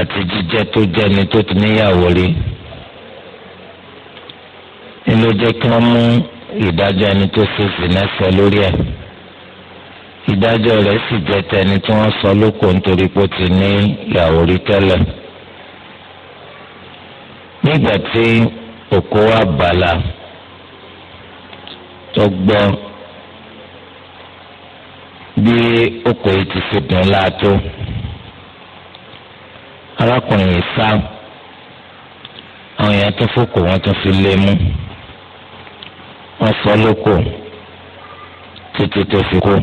àti jíjẹ tó jẹni tó ti níyàwó rí nílò jẹ́ kí wọ́n mú ìdájọ́ ẹni tó ṣe sìnẹ́sẹ̀ lórí ẹ̀ ìdájọ́ rẹ̀ sì jẹ́ tẹni tí wọ́n sọ lóko nítorí pé ó ti ní ìyàwó rí tẹ́lẹ̀ nígbà tí òkú wa bàlá tó gbọ́ bí òkú yìí ti ṣe dùn láàtó arákùnrin yìí sá àwọn èèyàn tó fòkò wọn tó fi lé mú wọn sọ lóko títí tó fi kú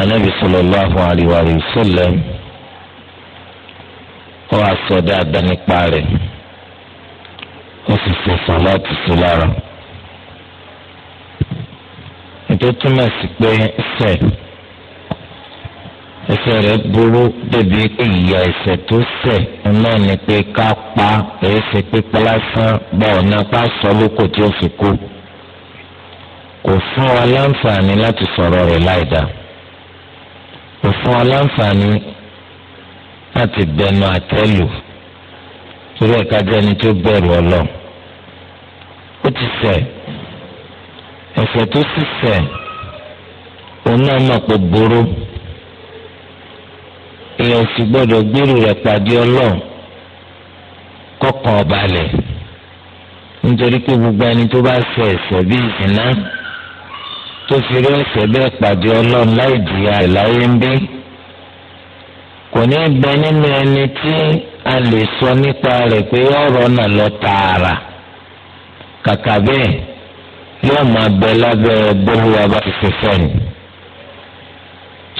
anabi sallallahu alayhi wa sallam ó wá sọ dáadáa nípa rẹ̀ ó sì ṣe sàlátì sí lára ètò túmọ̀ sí pé sẹ́ẹ̀ ẹ̀ṣẹ̀ rẹ̀ burú débi pé ìyà ẹ̀ṣẹ̀ tó ṣẹ̀ náà ni pé ká pa èéṣe pípa lásán gba ọ̀nà pa sọ lóko tí ó fi kú kò fún wa láǹfààní láti sọ̀rọ̀ rẹ̀ láìda kò fún wa láǹfààní láti bẹnu àtẹ́lù torí ẹ̀ka jẹ́ ẹni tó bẹ̀rù ọlọ́run ó ti ṣẹ̀ ẹ̀ṣẹ̀ tó sì ṣẹ̀ òun náà mọ̀ pé burú. èèyàn sì gbọdọ gbèrú rẹ̀ pàdé kọkàn kọ́kàn nítorí pé gbogbo ẹni tó bá sọ ẹ̀ṣẹ̀ bíi tó fi rí ẹ̀ṣẹ̀ bẹ́ẹ̀ pàdé ọlọ́run láì láyé ń bí kò ní bẹ nínú ẹni tí a lè sọ nípa pé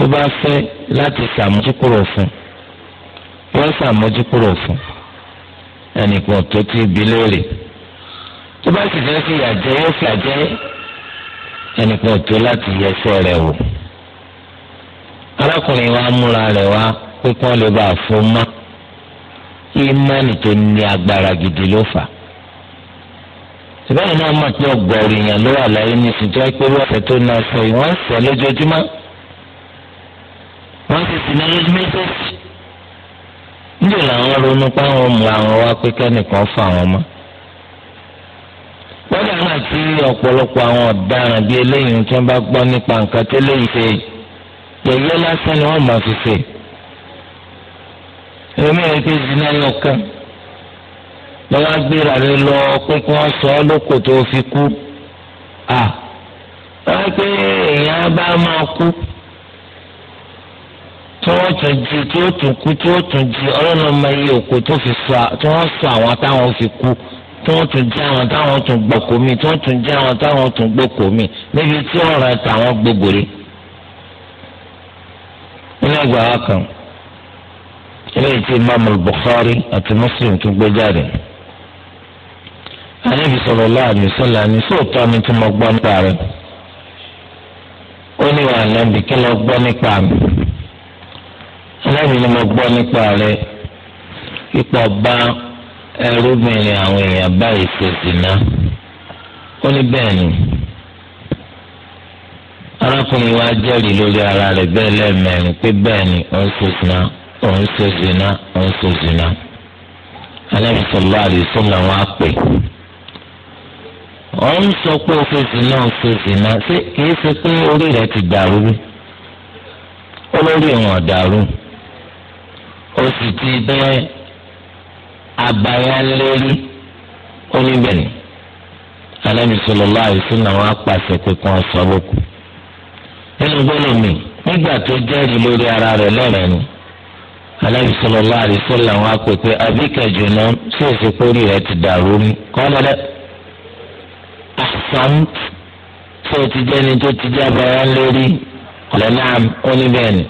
tó bá fẹ́ láti sàmójúkúrò fún yóò sàmójúkúrò fún ẹnìkan tó ti bi léèrè tó bá sì fẹ́ fi yàjẹ́ yóò fi yàjẹ́ ẹnìkan tó láti yẹsẹ̀ rẹ̀ wò arákùnrin wa múra rẹ̀ wá pé kí wọ́n lè bá a fún mọ́ ìmánì tó ní agbára gidi ló fà ìbáyìí náà mọ̀ pé ọgbọ̀ọ̀rọ̀ èèyàn ló wà láyé nísìnyí tó wáyé pé wọ́n fẹ́ tó náà sọ ìwọ́n sẹ́ lójoojúmọ́ wọ́n ti sìn náà lójú méjèèjì níjò làwọn ronú páwọn mú àwọn wá pé kẹ́nìkan fà wọ́n mọ́ wọ́n dà náà tí ọ̀pọ̀lọpọ̀ àwọn ọ̀daràn bíi eléyìí tí wọ́n bá gbọ́ nípa nǹkan tí eléyìí ṣe yẹ̀yẹ́ lásán ni wọ́n máa fi èmi rẹ̀ ti sìn náà lọ́kàn lọ́wọ́ gbéra rẹ lọ pé kí wọ́n sọ ọ́ lóko tó fi kú à wọ́n pé èèyàn bá máa kú tí wọ́n tún jí tí ó tún kú tí ó tún jí ọlọ́run ọmọ iye òkú tó fi sọ tí wọ́n sọ àwọn táwọn fi kú tí wọ́n tún jí àwọn táwọn tún gbọ́kọ̀ mi tí wọ́n tún jí àwọn táwọn tún gbọ́kọ̀ mi níbi tí ọ̀rọ̀ ẹ̀ tàwọn gbogbo rí. nínú ẹgbẹ́ àwọn kan eléyìí tí imaamu Bukhari àti Muslim tún gbé jáde. Ànábì sallallahu alaihi wasallam ní sóòtọ́ ni tí mo gbọ́ nípa rẹ̀ ó ní wàhálà ń bì kí lọ gbọ́ nípa aláìní ni mo gbọ́ nípa rẹ̀ ipò ọba ẹrúbìnrin àwọn èèyàn báyìí ṣe ṣìnà ó ní bẹ́ẹ̀ ni arákùnrin wa jẹ́rìí lórí ara rẹ̀ bẹ́ẹ̀ lẹ́ẹ̀mẹ́rin pé bẹ́ẹ̀ ni òun ṣe ṣìnà òun ṣe ṣìnà òun ṣe ṣìnà aláìní sọlá àdìsún làwọn á pè òun sọ pé ó ṣe ṣìnà ó ṣe ṣìnà ṣé kìí ṣe pé orí rẹ̀ ti dàrú olórí ìwọ̀n dàrú. ó sì ti bẹ́ abayánlérí oníbẹ̀rẹ̀ alẹ́mi sọlọ́lá àìsàn náà apàṣẹ pé kí wọ́n sọ lóko nínú gbọ́dọ̀ mi nígbà tó jẹ́rìí lórí ara rẹ̀ lẹ́rẹ̀ẹ́ ni alẹ́mi sọlọ́lá àìsàn náà apè pé abíkẹ́jọ náà sì èsì pórí rẹ̀ ti dàrú ni kọ́lẹ́lẹ́ àṣàmùt o ti ni tó ti jẹ́ abayánlérí ọ̀lẹ́ náà oníbẹ̀rẹ̀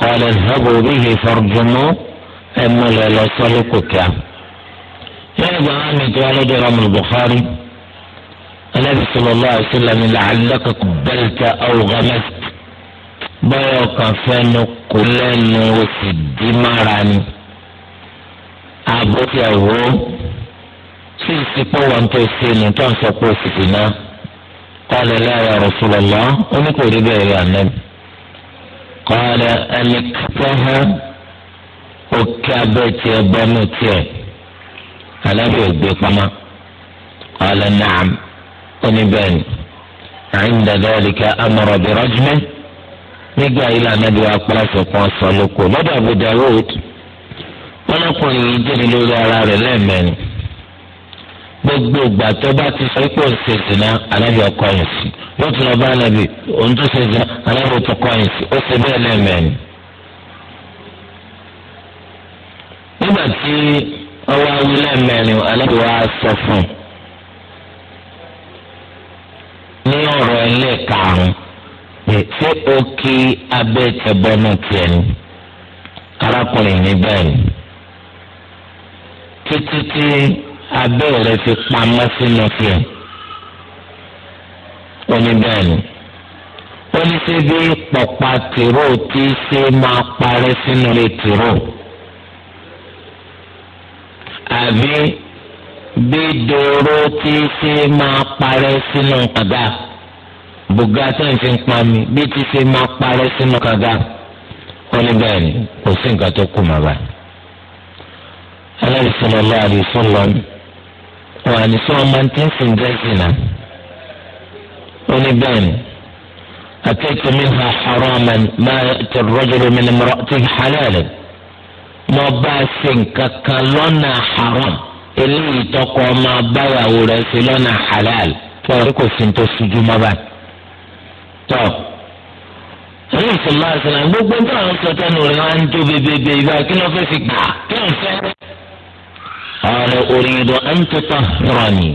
kọ́lẹ́ zọ́bù bíi ìfọ̀rọ̀jùmọ́. ẹ má lọ lọ sọlẹ kò kíá lẹ́yìn ìgbà wọn ni tiwọn lọ́dọ̀ ọmọ Bukhari anabi sọlọlọ àṣìlẹ ni làálẹ́kọ̀ bẹ́ẹ̀tà ọ̀gámẹ́t báyọ̀ kan fẹ́nu kò lẹ́nu oṣù dì mára ni àbókẹ́wò sí ìsìnkú wọn tó ṣe ni tó ń sọ pé oṣù dì náà kọ́lẹ̀ láyà rọ̀ṣùlọ̀lọ́ oníkòrí bẹ́ẹ̀ rí ànábì kọ́lẹ̀ ẹnì kẹtẹ́ hàn òkè abẹ́ tiẹ̀ bọ́nú tiẹ̀ alábì ògbé pamọ́ ọ̀lẹ́ nàám oníbẹ̀ẹ́ni àyìndà dọ́ọ̀lìkà amọ̀rọ̀ bí rọ́júmẹ́ nígbà yìí lànàbí wa pàṣẹ kan sọ lóko lọ́dọ̀ Abu Dawud ọlọ́kùnrin yìí jẹ́ni lórí ara rẹ̀ lẹ́ẹ̀mẹ́ni gbogbo ìgbà tó bá ti sọ pé òun ṣe zina alábì ọkọ yìí sí lọ́tún ọba alábì òun tó ṣe zina alábì ọkọ yìí sí ó ṣe bẹ́ẹ̀ lẹ́ẹ̀mẹ́ni. nígbà tí ọwọ́ awí lẹ́ẹ̀mẹ́rin alábi wa sọ fún ní ọ̀rọ̀ ilé karùn-ún ṣé o kí abẹ́ tẹ̀bọ́nù tiẹ̀ ni arákùnrin ní bẹ́ẹ̀ ni títí tí abẹ́ rẹ̀ fi pamọ́ sínú tiẹ̀ ó ní bẹ́ẹ̀ ni ó ní ṣe bí pọ̀pá tìró tí ṣe máa parẹ́ sínú rẹ̀ tìró tàbí bídòrò tí ṣe máa parẹ́ sínú kàga bùgá tó ń fi ń pa mi bí ti ṣe máa parẹ́ sínú kàga ó ní bẹ́ẹ̀ ni kò sí nǹkan tó kù mà báyìí. aláìsàn ọlọ́ àdìsún lọ wọn àní sí wọn tí ń sìn dẹ́sì náà ó ní bẹ́ẹ̀ ni. أتيت منها حراما ما يأتي الرجل من امرأته حلالا mo bá a ṣe nǹkan kan lọ́nà haram eléyìí tọkọ ọmọ abáyàwó rẹ̀ ṣe lọ́nà halal tọ́ kò sí tó ṣojú mọ́ báyìí. tọ́ ẹ̀rí ìsìnlá ìsìnlá gbogbo nígbà wọn sọ tẹnu rẹ̀ wọn ń tó bebebe ibà kí ló fẹ́ fi gbà kí ló fẹ́. ọ̀rẹ́ òrìǹdọ̀ ẹ̀ ń tọ́tọ̀ rọ̀ ni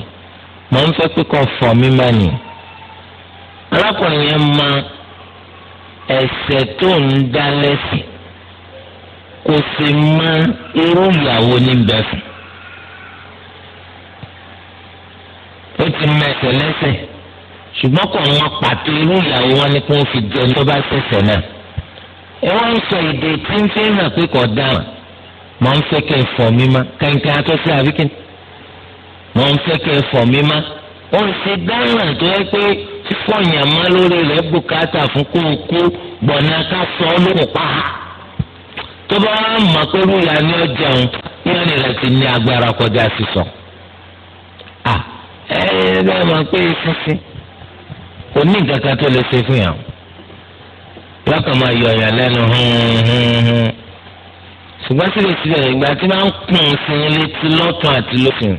mo ń fẹ́ pé kọ́ fọ́ mọ́ ni. arákùnrin yẹn mọ ẹsẹ̀ tó ń dá lẹ́sìn kò sì mọ irú ìyàwó ní bẹ fún. ó ti mẹsẹ̀ lẹ́sẹ̀ ṣùgbọ́n kò wọn pàtó irú ìyàwó wọn ni kí wọ́n fi jẹun tó bá ṣẹ̀ṣẹ̀ náà. ẹ wọ́n ń sọ èdè tí ń fi hàn pé kò dáhùn mọ̀ ń fẹ́ kẹ́ ẹ fọ̀ mí má kẹ́ńkẹ́ atọ́sí àbíkín mọ̀ ń fẹ́ kẹ́ ẹ fọ̀ mí má ó ń ṣe dáhùn tó yẹ pé fífọ̀yàn má lórí rẹ̀ bùkátà fún kó gbọ̀nà ká sọ ọ́ lóko pa á tó bá mọ̀ pé rúyà ni ó jẹun yẹ́nì rẹ̀ ti ní agbára kọjá sísọ. à ẹ ẹ bẹ́ẹ̀ mọ̀ pé sísí kò ní kankan tó lè ṣe fún yàn lọ́kàn máa yọ ọ̀yàn lẹ́nu ṣùgbọ́n síbẹ̀síbẹ̀ ìgbà tí máa ń kùn sí létí lọ́tún àti lófin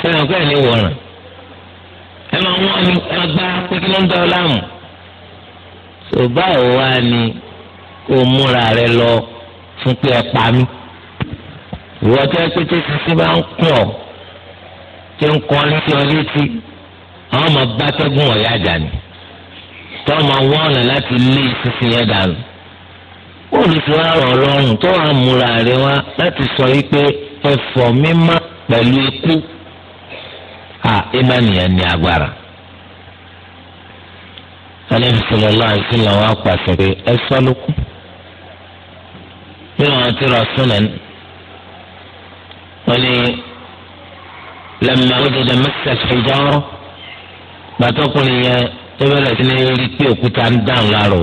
sẹ́yìn ọ̀pẹ́ ní wọ̀ràn ẹ máa wọ́n ní ọgbà pínpín ló ń dá ọ láàmú. ṣùgbọ́n àwòrán ni kò múra rẹ lọ fún pé ẹ pa mí ìwọ tó ẹ pété títí bá ń kún ọ tí ń kọ́ létí ọ létí àwọn ọmọ bá tẹ́gùn ọ̀yá dànù tó ọmọ wọ́n ọ̀nà láti lé sísìn yẹn dànù olùsọ àrùn ọlọ́run tó wà múra rẹ wá láti sọ wípé ẹ̀fọ́ mímá pẹ̀lú ikú à ìmánìyàn ní agbára alẹ́ bisalòlá àìsílẹ̀ wọn apàṣẹ pé ẹ sọ́lókù nínú àwọn tíra sunan wọn ni lẹ́mọ̀ àwọn jẹjẹ mẹ́sàgì ìjọ́rọ́ gbàtọ́kùnrin yẹn tó bẹ̀rẹ̀ sí ní rí pé òkúta ń dáhùn láàrò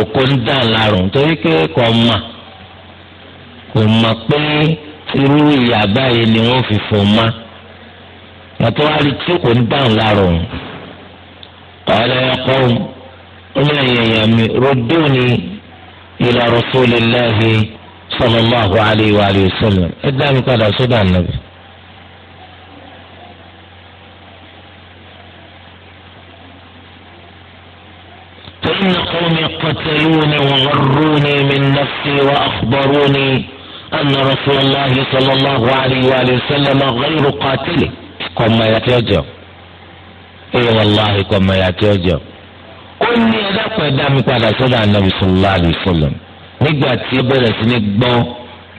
òkú ń dáhùn láàrò torí pé kò mà kò mà pé irú ìyá báyìí ni wọ́n fi fò má yàtọ̀ wá rí tí kò ń dáhùn láàrò ọ̀lẹ́yẹ̀kọ́ ọmọ ẹ̀yẹ̀yẹ̀ mi ròdó ni. إلى رسول الله صلى الله عليه وآله وسلم الدام قال صدى النبي فإن قومي قتلوني وغروني من نفسي وأخبروني أن رسول الله صلى الله عليه وآله وسلم غير قاتل قم يتوجه إي والله قم يتوجه ó ní ẹ̀dàpọ̀ ẹ̀dá mi padà sọ́dọ̀ anabi sallallahu alaihi wasallam nígbà tí ó bẹ̀rẹ̀ sí ní gbọ́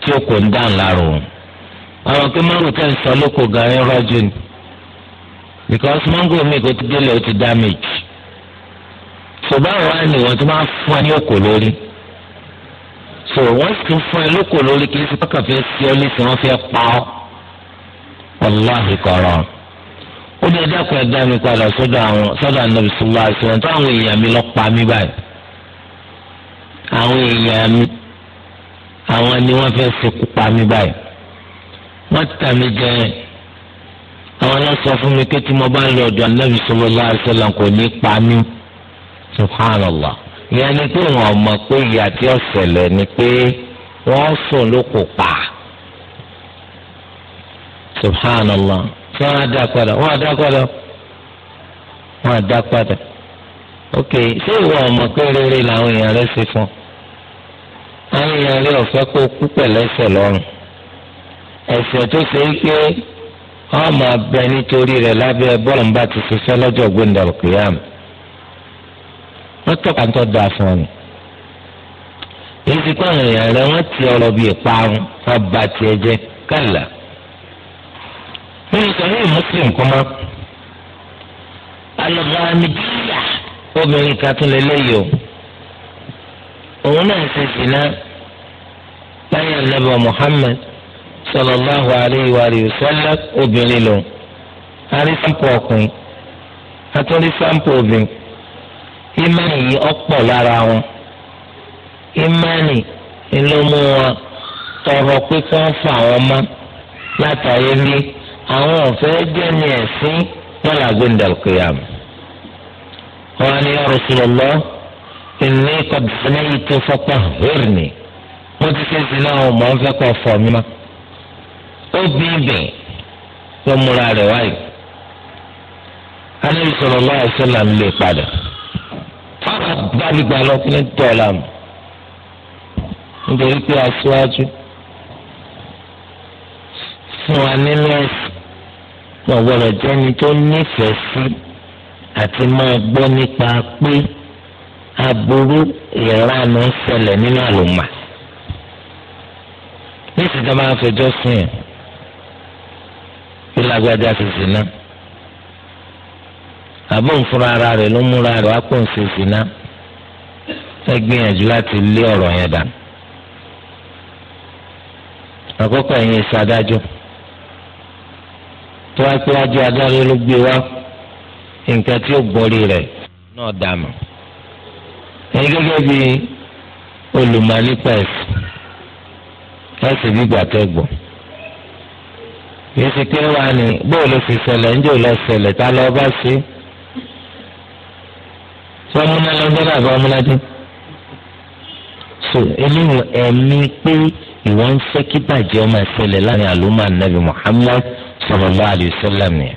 tí ó kò ń dáhùn láàrọ̀ wọn. àwọn kí mango tẹ̀ ń sọ lóko gan ẹ̀ rọ́jò ni because mango mi kò ti délé ó ti damage. ṣùgbọ́n àwọn àni wọn ti máa fún ẹ ní òkò lórí so wọ́n sì tún fún ẹ lóko lórí kí ẹ sì kọ́kàn fẹ́ sí ọ lẹ́sìn wọn fẹ́ pa ọ́ wàláhì kọ̀ọ̀rọ̀ ó ní ẹjẹ kan ẹ̀dá mi padà sọ́dọ̀ àwọn sọ́dọ̀ ànábì sọlá àṣìwọn tó àwọn èèyàn mi lọ pa mí báyìí àwọn èèyàn mi àwọn ni wọ́n fẹ́ẹ́ ṣekú pa mí báyìí wọ́n tà mí jẹ àwọn náà sọ fún mi pé tí mo bá lọ ọ̀dọ̀ ànábì sọlá àṣìwọn kò ní pa mí subhanallah ìyẹn ni pé wọ́n mọ̀ pé ìyà tí ó ṣẹlẹ̀ ni pé wọ́n sùn ló kò pa subhanallah ṣé wọ́n á dá padà wọ́n á dá padà wọ́n á dá padà ok ṣé ìwọ ọmọ pé rere làwọn èèyàn rẹ ṣe fún àwọn èèyàn rẹ ọ̀fẹ́ kó kú pẹ̀lú ẹsẹ̀ lọ́rùn ẹsẹ̀ tó ṣe é pé wọ́n máa bẹ nítorí rẹ̀ lábẹ́ bọ́ọ̀lù bá ti ṣiṣẹ́ lọ́jọ́ gbẹ̀ndàlù kìyàmù wọ́n tọ́ka tó da fún ọ ni èyí ti kọ́ àwọn èèyàn rẹ wọ́n ti ọ̀rọ̀ bíi ìparun wọ́n ba tiẹ̀ kálá. nínú sọ̀rọ̀ muslim kọ́mọ́ alọ́gbàmídìyà obìnrin kan tún lè léyìí o òun náà ṣe sìnà lẹ́yìn anábọ̀ muhammed sallallahu alayhi wa sallam obìnrin lò arísìpọ̀ ọkùnrin atúndí sáǹpù obìnrin ìmánì yìí ọ̀pọ̀ lára wọn ìmánì ló mú wọn tọrọ pé àwọn ọ̀fẹ́ jẹ́ ní ẹ̀sìn lọ́la gbẹ̀ndàlùkìyàm. wọn ni Rasulullah inni qad sinaytu fatahhirni mo ti ṣe sí náà mọ̀ ń fẹ́ kọ́ fọ́ mi má. ó bí ibẹ̀ ló múra rẹ̀ wáyé. Ànábì na alaihi wasallam lè padà. fáwọn gbàlùgbà lọ́kùnrin tọ́lá mu nítorí pé aṣáájú fún wa nínú ẹ̀sìn wọn gbọ́dọ̀ jẹ́ni tó nífẹ̀ẹ́ sí àti máa gbọ́ nípa pé aburú ìranù ṣẹlẹ̀ nínú àlùmà nísìsiyìí tó máa fẹjọ́ sùn yẹn ìlàgbàjà ṣèṣì náà àbọ̀ nfúnra ara rẹ̀ ló múra rẹ̀ wá pọ̀ ṣèṣì náà ẹ gbìyànjú láti lé ọ̀rọ̀ yẹn dànù àkọ́kọ́ ẹ̀yin ìṣàdájọ́ tó wá pé wájú adarí ló gbé wá nǹkan tí ó gbọ́rí rẹ̀ náà dànù. ẹni gẹ́gẹ́ bí olùmọ̀nípa ẹ̀sìn ẹ̀sìn gbígbà tẹ́ gbọ́. èsì pé wà ní bóyá ló fi ṣẹlẹ̀ ń jò lọ ṣẹlẹ̀ tá lọ bá ṣe. sọ múná lọ́jọ́ náà bá múná dé. so eléyìí ẹ̀mí pé ìwọ ń fẹ́ kí bàjẹ́ ọmọ ẹ̀sẹ̀lẹ̀ láàrin àlùmọ́ ànábì Muhammad sallallahu alaihi wasallam ni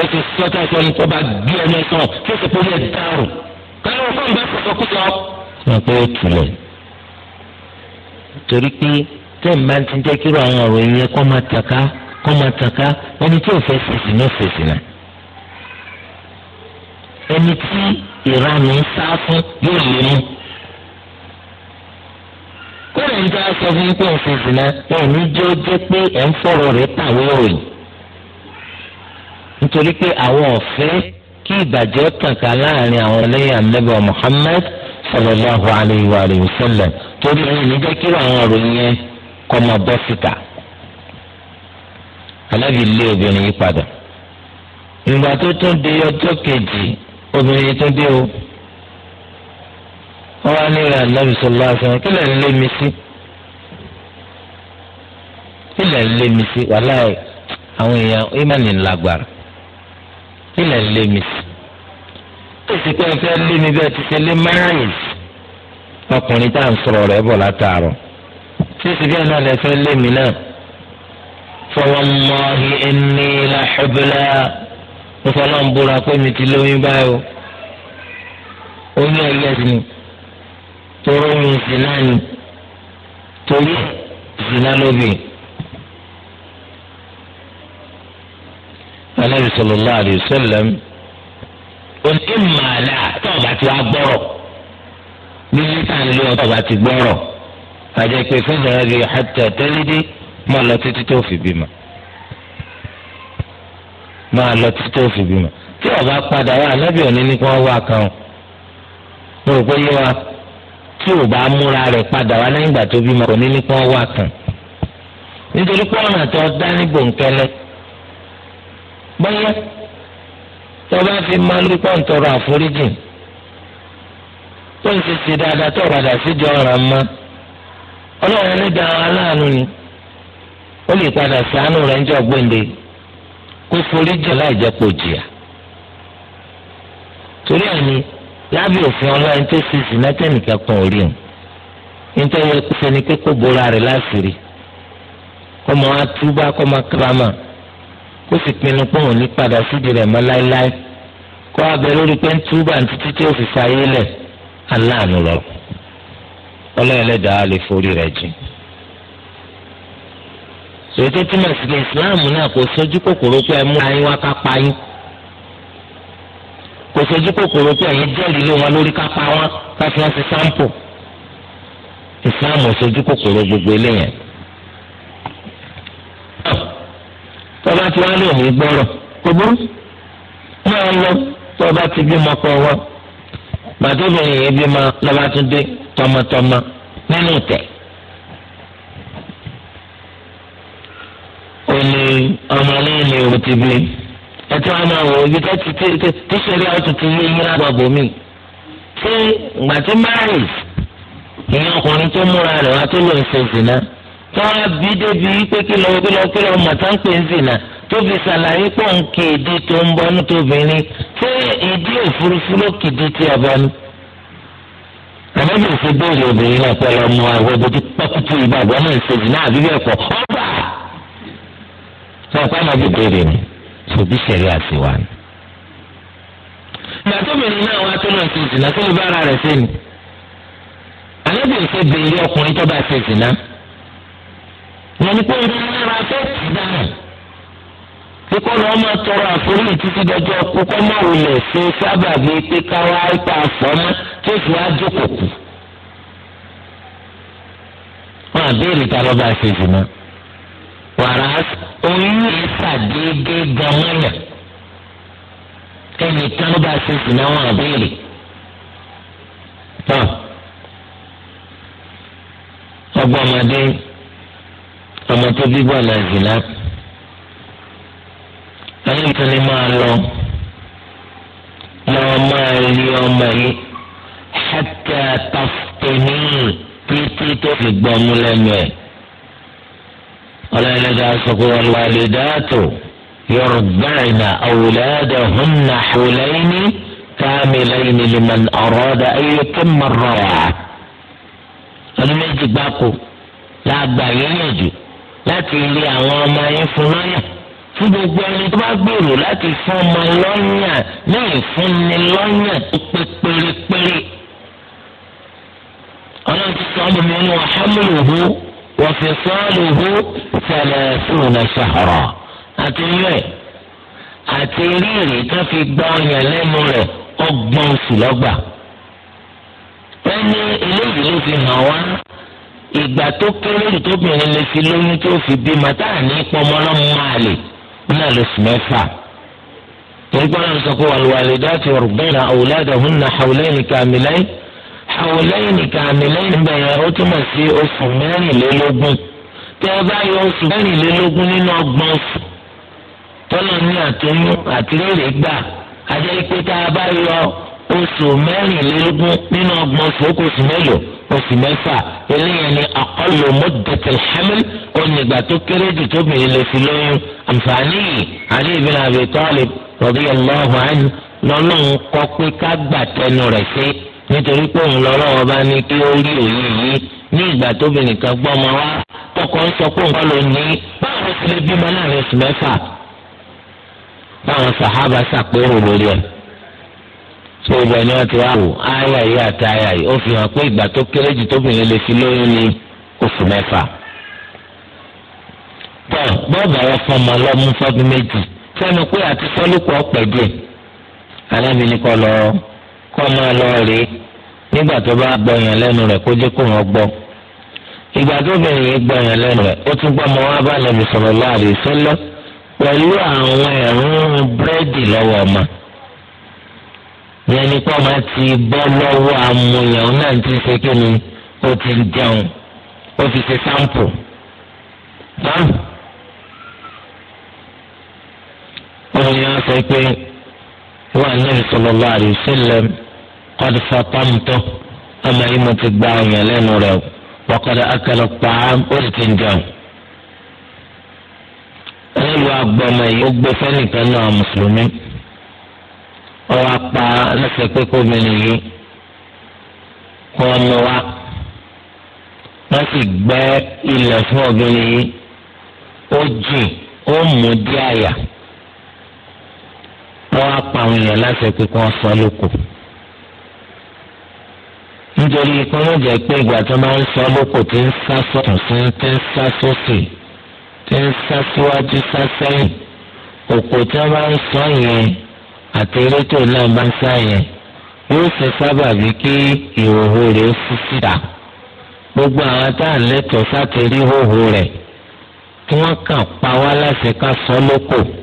ó ti sọ́tà sọ ní tọ́ba gbé ẹni sàn fẹsẹ̀ pé ó lè dárò káyọ̀ fún bá sọ̀rọ̀ kú sọ. wọn pé ó tilẹ̀ torí pé tẹ́ ń bá ti jẹ́ kí àwọn ọ̀rọ̀ yẹn kọ́ máa tàka kọ́ máa tàka ẹni tí ò fẹ́ fèsì ní fèsì náà ẹni tí ìranù ń sá fún yóò lè mú kódà ń dá sọ fún pé òfin ìsìnà ẹ̀ ní jẹ́ ó jẹ́ pé ẹ̀ ń fọ̀rọ̀ rẹ̀ tàwé òyìn nítorí pé àwọn ọ̀fẹ́ kí ìbàjẹ́ kàkà láàrin àwọn ẹlẹ́yìn ànábì Muhammad sallallahu alayhi wa alayhi wa sallam torí ẹ̀yìn ní jẹ́ kí àwọn ọ̀rọ̀ yẹn kọ́ máa bọ́ síta. alábì lé obìnrin yìí padà ìgbà tó tún di ọjọ́ kejì obìnrin yìí dé o wọn wá ní ìrìn ànábì sọlá àfihàn kí lè lé mi sí kí lè lé mi sí wàláì àwọn èèyàn ìmánì lágbára kí lè lé mi sí èsì pé ẹfẹ lé mi bẹ́ẹ̀ ti ṣe lé márùn ọkùnrin tá à ń sọ̀rọ̀ rẹ̀ bọ̀ látàárọ̀ èsì bẹ́ẹ̀ náà lè lé mi náà fọwọ́mọ́hì ẹni làḥẹ́bẹ́lá mo fọlọ́ búra pé mi ti lóyún báyìí o oyún ẹlẹ́sìn ni torí mi zina ni torí zina lóbi. anabi sallallahu alayhi wa sallam ó ní màálà tó o bá ti wá gbọ́rọ̀ ní lítà ní lóyún tó o bá ti gbọ́rọ̀ àjẹ́ pé fún ìdájọ́ yìí hàtà tẹ́lẹ́dẹ́ máa lọ títí tó fi bímọ. máa lọ títí tó fi bímọ. tí o padà wá anabi òní ní kí kan mo rò pé yé tí ò bá múra rẹ̀ padà wá lẹ́yìn ìgbà tó bímọ kò ní ní wà kàn nítorí pé ọ̀nà tó dá ní bòńkẹ́lẹ́ bá fi máa lórí pọ̀ àforíjì tó ń ṣe ṣe dáadáa tó padà síjọ ọ̀ràn mọ́ ọlọ́run ní da ni ó lè padà sàánú rẹ̀ ń jọ gbòǹde kó foríjì láì jẹ́ torí lábẹ́ òfin ọlọ́run tó ṣe sì náà tẹnìkan kan ò rí o nítorí ẹkú sẹni pé kó bora rẹ̀ láṣìírí kó mọ atúbá kó mọ kírámà kó sì pinnu pé òun ní padà sídìí rẹ̀ mọ́ láéláé kó abẹ lórí pé ń túbà títí tí ó fi fàyè lẹ̀ aláàánú lọ ọlọ́run ẹlẹ́dàá lè forí rẹ̀ jìn sòtítí mẹsìlẹ ìsìláàmù náà kò sójú kòkòrò pé ẹ mú ayé ká pa yín sojú kòkòrò pé ẹ̀yin jẹ́rìí lé wọn lórí kápá wọn káfí wọn ṣe sáǹpù ìsìláàmù sojú kòkòrò gbogbo eléyẹn. tọ́ba ti wá lé òun gbọ́rọ̀ kò burú máa lọ tọ́ba ti bímọ kọ́ wọ́n màdébìnrin yìí bímọ lọ́ba tún dé tọmọtọmọ nínú tẹ̀. ó ní ọmọ lẹ́yìn ni òun ti bí. ẹtí wọn máa wò ibi tó ti ti sẹ́rí ọ̀tún ti yé yín lágbà bòmí. ṣé ìgbà maris ìyẹn ọkùnrin tó múra rẹ̀ wá tó lò ń ṣe zìnà tó wá bí débi pé kí lọ́wọ́ kí kí mọ̀tá ń pè ń ṣàlàyé pọ̀ ń ké ìdí tó ń bọ́ ní tóbìnrin ṣé ìdí òfurufú ló kìdí tí a sòbí sẹ̀rí àṣewà ni. ìyàtọ̀bìnrin náà wá tó lọ sí ìsìnà kí ló bá ara rẹ̀ sí ni. àlébì ń ṣe béèrè ọkùnrin tó bá ṣe ìsìnà. wọ́n ní pé orí ara fẹ́ tì dáhùn. kíkọ́ lọ́ọ́ máa tọrọ àforíjì títí dọjọ́ kókó máa wulẹ̀ ṣe sábàbí pé káwá ipa àfọ́mọ́ tó fi á jókòó kù. wọ́n àbẹ́rẹ́ ta lọ́ba ṣe ìsìnà wàrà oyún ìsàdédé gamọ́nà ẹnìkan bá ṣe sì náà wọn àbẹ́rẹ́ tán ọgbọ́n ọmọdé ọmọ tó bí bọ́ àlàzì náà ẹnìkan ni máa lọ lọ́wọ́ máa rí ọmọ yìí hẹ́tẹ́ tọ́fẹ́ ní títí tó fi gbọ́mú lẹ́nu ẹ̀ ọlọ́ọ̀lẹ́dà sọ pé wal walidatu yurdi'na awladahunna hawlayni kamilayni liman arada an yutimma ar-rida'a. ọdún méjì gbáko láàgbà yíyànjú láti ilé àwọn ọmọ yín fún lọ́yàn fún gbogbo ẹni tó bá gbèrò láti fún ọmọ lọ́yàn náà ìfúnni lọ́yàn tó pé pérépéré. ọlọ́run ti sọ ọmọ mi ní wàhálà òhún. وفصاله ثلاثون شهرا àtẹ̀yẹ́ àti rírì tó fi gbọ́ ọyàn lẹ́nu rẹ̀ ọgbọ̀n oṣù lọ́gbà. wọ́n ní eléyìí ló fi hàn wá ìgbà tó kéré jù tóbìnrin lè fi lóyún tó fi bímọ táà pọmọ lọ́mú máa lè náà mẹ́fà. torí gbọ́dọ̀ sọ pé wal walidatu yurdi'na awladahunna hawlayni kamilayn àwòlẹ́yìn nìkan àmì lẹ́yìn bẹ̀rẹ̀ ó túmọ̀ sí oṣù mẹ́rìnlélógún tẹ́ ẹ bá yọ oṣù mẹ́rìnlélógún nínú ọgbọ̀n oṣù tọ́lọ̀ ní àtúnyún àti rèrè gbà ajẹ́ pé tá a bá yọ oṣù mẹ́rìnlélógún nínú ọgbọ̀n oṣù ó kó oṣù mélòó oṣù mẹ́fà eléyìí ni aqallu muddatil haml onígbà tó kéré jù tóbìnrin lè fi lóyún àǹfààní yìí Ali ibn Abi Talib radiyallahu anhu lọ́lọ́run kọ́ pé ká gbà tẹnu rẹ̀ sí. nítorí pé òun lọ́lọ́wọ́ bá ní kí ó rí òye yìí ní ìgbà tóbìnrin kan gbọ́ ọmọ wa tọkọ ń sọ pé nǹkan ló ní báwọn ti lè bímọ láàrin oṣù mẹ́fà báwọn sàhábà ṣàpérò lórí ẹ̀ tó o ni wọ́n ti wá wò áyà yìí àti áyà yìí fi hàn pé ìgbà tó kéré jù tóbìnrin lè fi lóyún ní oṣù mẹ́fà. bọ́ọ̀bù fọmọ méjì sẹ́nu pé àti ọ̀pẹ̀ kọ́ máa lọ rè é nígbà tó bá gbọ̀yàn lẹ́nu rẹ̀ kó jẹ́ kó wọ́n gbọ́ ìgbà tó bẹ̀rẹ̀ yìí gbọ̀yàn lẹ́nu rẹ̀ ó tún gbọ́ ọmọ bá lẹ́nu sọ̀rọ̀ láàrin sẹ́lẹ̀ pẹ̀lú àwọn ẹ̀rún búrẹ́dì lọ́wọ́ ọmọ yẹn ni kọ́ máa ti bọ́ lọ́wọ́ amúyàn náà ti ṣe kí ni ó ti jẹun ó fi ṣe sáǹpù náà. Oyin á sọ pé wọn ànábì sallallahu alaihi wasallam qad fatamtu ọmọ yìí mo ti gba ọyàn lẹ́nu rẹ̀ wa qad akala ta'am ó sì ti ń jẹun. ẹlẹ́lu agbọ́mọ yìí ó gbé fẹ́nìkan náà mùsùlùmí ọwọ́ apá lẹ́sẹ̀ pé kó mi nìyí wa wọ́n sì gbẹ́ fún obìnrin yìí ó jìn ó mú dí wọ́n á pa àwọn èèyàn láti pé kí wọ́n sọ lóko. nítorí kí wọ́n jẹ́ pé ìgbà tó máa ń sọ lóko tí ń sá sọ̀tún sí tí ń sá sósì tí ń sá síwájú sá sẹ́yìn òkò tí wọ́n bá ń sọ yẹn àti erétò náà bá ń sá yẹn yóò ṣe sábà bí kí ìhòòhò rẹ̀ fú síta gbogbo àwọn tá à ń lẹ́tọ̀ọ́ sáti rí ìhòòhò rẹ̀ kí wọ́n kàn pa wá láti ká sọ lóko.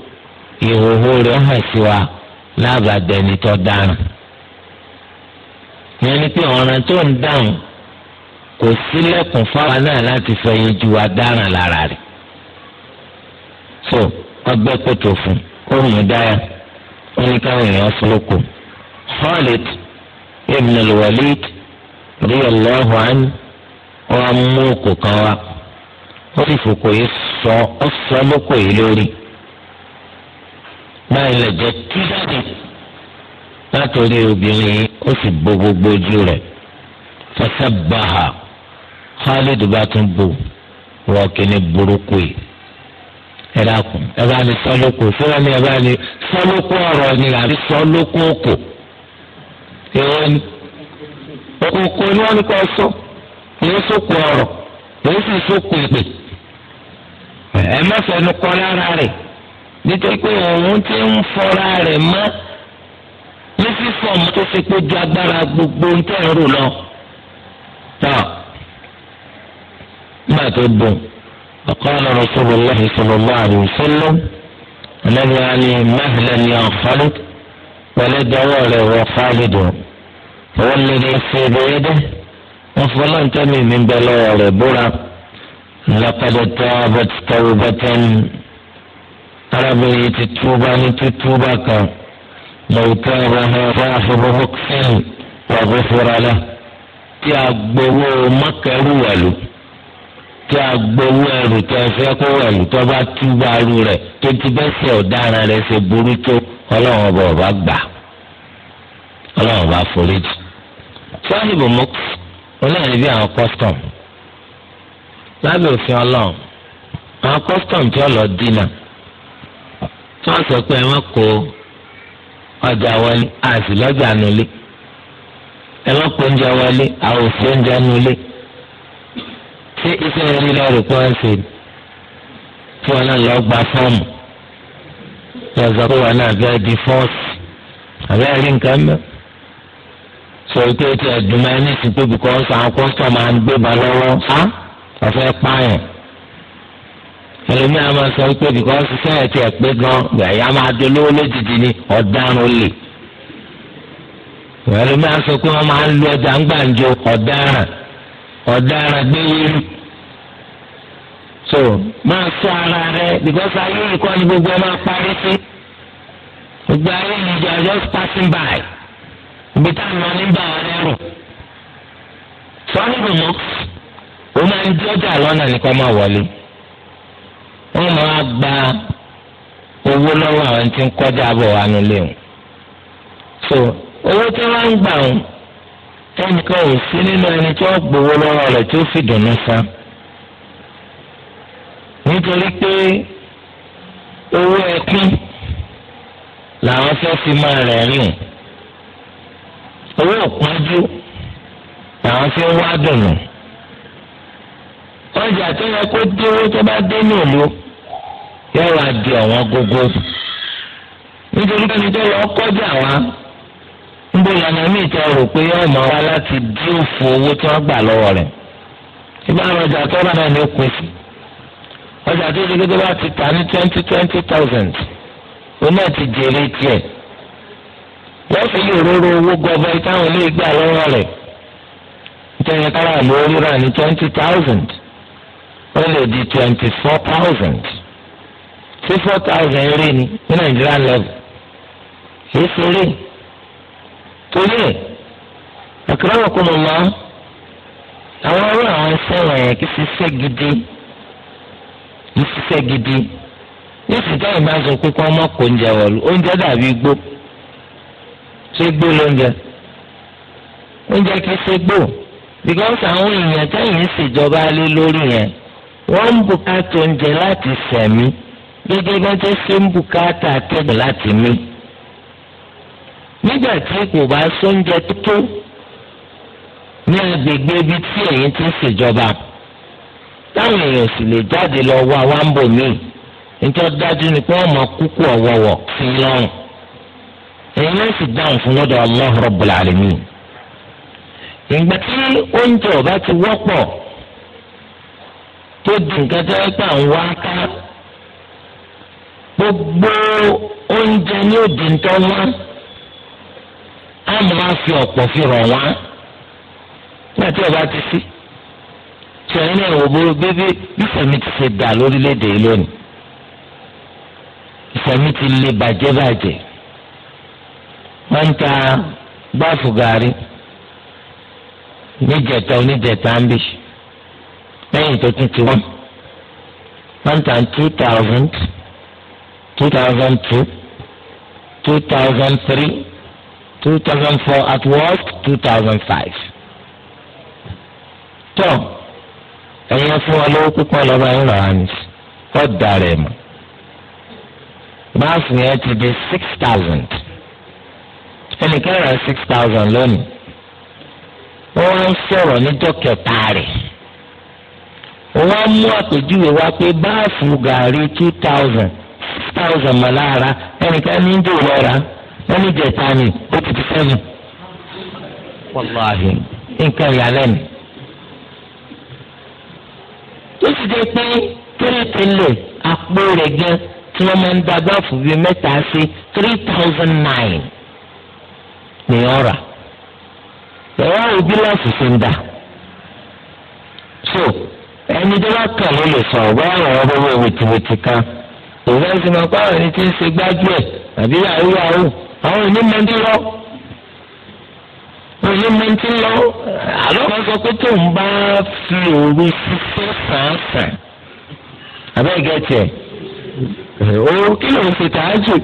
ìhòòhò rẹ̀ hàn sí wa lábàdẹni tó yẹn ni pé ọ̀ràn tó ń dáhùn kò sílẹ̀kùn fáwa náà láti fẹ̀yìn ju adáràn lára rẹ̀ so ọgbẹ́ kòtò fún ohun dáyà ó ní káwọn ibn al láì lẹ̀jẹ̀ tú jáde látòrí obìnrin ó sì bo gbogbo ojú rẹ̀ fasabbaha Khalid bá tún bò wọ́n kíní burúkú yìí ẹ dákun ẹ bá ní sọlókò sọlá ni ẹ bá ní sọlókò ọ̀rọ̀ ni àbí sọlókò òkò èèwọ̀ ni òkò ni wọ́n ní kọ́ sọ èyí sókò ọ̀rọ̀ èyí sì sókò ìpè ẹ má fẹnu kọ́ lára nítorí pé òun ti ń fọra rẹ̀ mọ́ ní fífọ̀ mọ́ tó fi pé ju agbára gbogbo ń tẹ̀ ń rò lọ. tọ́ nígbà tó dùn ọ̀kọ́nà Rasulullah sallallahu alaihi wasallam ẹlẹ́ni á ní mẹ́hìlẹ́ ní ọ̀fọ́lẹ́ pẹ̀lẹ́ dọwọ́ rẹ̀ wọ fáàlìdù wọ́n lè ní ṣe ìbéyẹ́dẹ́ wọ́n fọlọ́ ní tẹ́mi lọ́wọ́ rẹ̀ búra laqad tabat arábìnrin ti túbá ní túbá kan lọ́wọ́tà ìrọ̀lẹ́ fáfọ́fọ́ mọ́kìsìn wàgbé fúralá tí a gbowó mọ́kẹ́rù wẹ̀lú tí a gbowó ẹrù tó ẹfẹ́ kó wẹ̀lú tó bá túbá ru rẹ̀ tó ti bẹ́sẹ̀ ọ̀daràn rẹ̀ ṣe burú tó ọlọ́run ọba ọba gbà ọlọ́run ọba foríjì. sáhìbù mọ́kìsìn olóòrìn bí àwọn kọ́sítọ̀m lábẹ́ òfin ọlọ́run àwọn kọ́sítọ̀m tí ó tí wọ́n sọ pé ẹ má kó ọjà wọlé àti lọ́jà nulẹ̀ ẹ má kó oúnjẹ wọlé àwòfẹ́ oúnjẹ nulẹ̀ ṣé iṣẹ́ rí lọ́rùn pé wọ́n ṣe tí wọ́n náà lọ gba fọ́ọ̀mù wọ́n sọ pé wọ́n náà fẹ́ di fọ́ọ̀sì àbẹ́ rí nǹkan mọ́ sọ pé tí ẹ̀dùnmọ́ ẹni sì pé bìkọ́ sàn án kọ́sítọ́mù ń gbé ba lọ́wọ́ á ọ̀fẹ́ pààyàn. ẹlòmíì a máa sọ pé because sẹ́yìn tí ẹ̀ pé gan ẹ̀yà máa dolówó lójijì ni ọ̀daràn olè ẹlòmíì sọ pé wọ́n máa ń lu ọjà ń gbàǹjo ọ̀daràn ọ̀daràn gbéyìí so máa sọ ara rẹ because ayé ìkọ́ ni gbogbo ẹ máa parí sí gbogbo ayé ìjọ just passing by ibi tá a nọ nígbà ọ̀rẹ́ rò sọ́ni bùnmọ́ o máa ń jọ́jà lọ́nà wọ́n máa gba owó lọ́wọ́ àwọn tí ń kọjá bọ̀ wá nulẹ̀ wọn. so owó tí wọ́n ń gbà wọn ẹnìkan ò sí nínú ẹni tí wọ́n gbowó lọ́wọ́ rẹ̀ tí ó fi dùnú san. nítorí pé owó ẹkún làwọn fẹ́ fi máa rẹ̀ rìn owó òpájú làwọn fi ń wá dùnú ọjà tó yẹ kó dúró tó bá dé ní òlu. yóò wá di ọ̀wọ́n gógó nítorí pé níjọ́ lọ kọjá wa níbo lànà míì tẹ rò pé yóò máa wá láti dí òfò owó tí wọ́n gbà lọ́wọ́ rẹ̀ ìgbà àwọn ọjà tó bá náà ní ó pèsè ọjà tó bá ti tà ní twenty twenty thousand náà ti jèrè tiẹ̀ wọ́n fi lè róró owó gọbẹ táwọn ilé gbà lọ́wọ́ rẹ̀ nítorí ní twenty thousand ó lè di twenty four sí four thousand eré ni ní Nàìjíríà level kì í ṣeré torí ẹ̀ àkàràwọ̀ kò mọ̀ mọ́ àwọn ọ̀rọ̀ àwọn ẹsẹ̀ wọ̀nyẹn kì í ṣiṣẹ́ gidi kì í ṣiṣẹ́ gidi ní ìsìtá yìí máa sọ pé kí wọ́n mọ̀ kó oúnjẹ wọ̀lú oúnjẹ dàbí igbó ṣé gbó lóúnjẹ oúnjẹ kì í ṣe gbó because àwọn èèyàn tẹ́yìn ń ṣèjọba lé lórí yẹn wọ́n ń bùkátà oúnjẹ láti sẹ̀mí gẹ́gẹ́ bá ṣe ṣe ń bùkátà tẹ́gùn láti mí. nígbà tí kò bá sóúnjẹ tó ní agbègbè ibi tí ẹ̀yin ti ń ṣèjọba táwọn èèyàn sì lè jáde lọ wá wá ń bò míì nítorí dájú ni pé wọ́n mọ kúkú ọ̀wọ̀wọ̀ sí i lọ́rùn èyí náà sì dáhùn fún lọ́dọ̀ Allah Rabbul Alamin. ìgbà tí oúnjẹ ọba ti wọ́pọ̀ tó di nǹkan tó ń wá ká gbogbo oúnjẹ ní òdì ńtọ́ wọn á máa fi ọ̀pọ̀ fi rọ̀ wọn nígbà tí ọba ti sí tí ẹ̀yin náà wò bó bébé ìfẹ̀mí ti ṣe dà lórílẹ̀‐èdè yìí lónìí ìfẹ̀mí ti lè bàjẹ́ bàjẹ́ wọ́n ń ta báàfù gàrí níjẹta oníjẹta ń bì lẹ́yìn tó tún ti wọ́n wọ́n ń ta two thousand. 2002, 2003, 2004 two thousand three two thousand four at worst two thousand five. tọ́ ẹ̀yin fún wa lówó pípọ́ lọ́ba yín rà á ní kọ́ da rẹ̀ mọ́ báàfù yẹn ti di six thousand ẹnìkan rà six thousand lónìí wọ́n ń sọ̀rọ̀ níjọ́ kẹta rẹ̀ wọ́n mú àpèjúwe wá pé báàfù gàrí two thousand mọ̀ lára ẹnìkan ní ń dùn lọ́ra wọ́n ní jẹ̀ta ni ó ti ti sẹ́nu. wàláhì nǹkan ìyàlẹ́nu. tó sì jẹ́ pé tẹ́lẹ̀tẹ́lẹ̀ àpò rẹ̀ gan tí wọ́n máa ń da gáàfù bíi mẹ́ta sí three thousand nine ní ọ̀rà. ẹ̀rọ òbí láti ṣe ń dà. so ẹni tó bá kàn ló lè sọ ọ̀gbọ́n àwọn ọ̀rọ̀ wẹ̀wẹ̀tìwẹ̀tì kan òwúrọ̀ sì máa pa àwọn ẹni tí ń ṣe gbájú ẹ̀ àbí yahoo yahoo àwọn òní máa ń dín lọ òní máa ń dín lọ àlọ́ kan sọ pé tóun bá fi òru ṣiṣẹ́ sàásàn àbẹ́ẹ̀ gẹ̀ẹ́tì ẹ̀ òru kí ló ń ṣe tààjù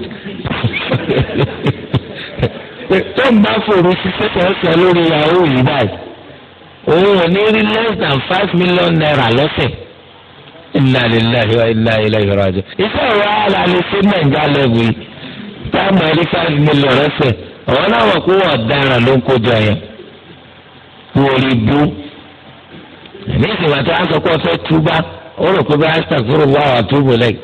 tóun bá fòru ṣiṣẹ́ sàásàn lórí yahoo yìí báyìí òun ò ní rí less than five million naira lọ́sẹ̀ inna lillahi wa inna ilayhi raji'un. iṣẹ́ ìwé alàlẹ́ sí nàìjíríà lẹ́bù yìí táàmù ẹ̀rí five million ẹsẹ̀ àwọn náà wọ̀ kó wọ́n dára ló ń kójọ yẹn kú orí bú. ní ìsìnkú àti aṣọ kó fẹ́ túbá ó rò pé bá astaghfirullah wa atubu ilayhi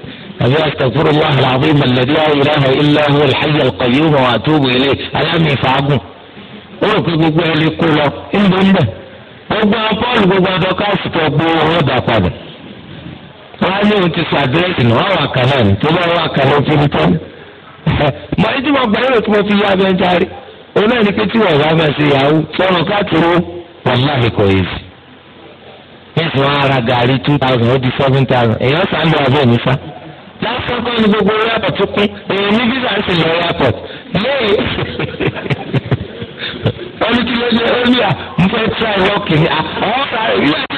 àbí astaghfirullah al-azim alladhi la ilaha illa huwa al-hayy al-qayyum wa atubu ilayhi alámì fàágùn ó rò pé gbogbo ẹ̀ lè lọ ń bọ́ ń bẹ̀ gbogbo apọ́ọ̀lù gbogbo adọ́kásìtọ̀ gbogbo ọ̀dà padà. wọn á ní òun ti sàdírẹ́sì náà wọn wà kàn náà tó bá wà kàn náà mọ ìdí mo gbà yóò tí mo fi yá ń darí òun náà ní pé tí wọn bá ṣe yahoo sọ̀rọ̀ káàkiri wàláhì kò yé sí. nísìnyí wọn ara gàrí two thousand ó di seven thousand èèyàn sàn lọ abẹ́ mi fa. ni gbogbo tó kún èèyàn ní visa ń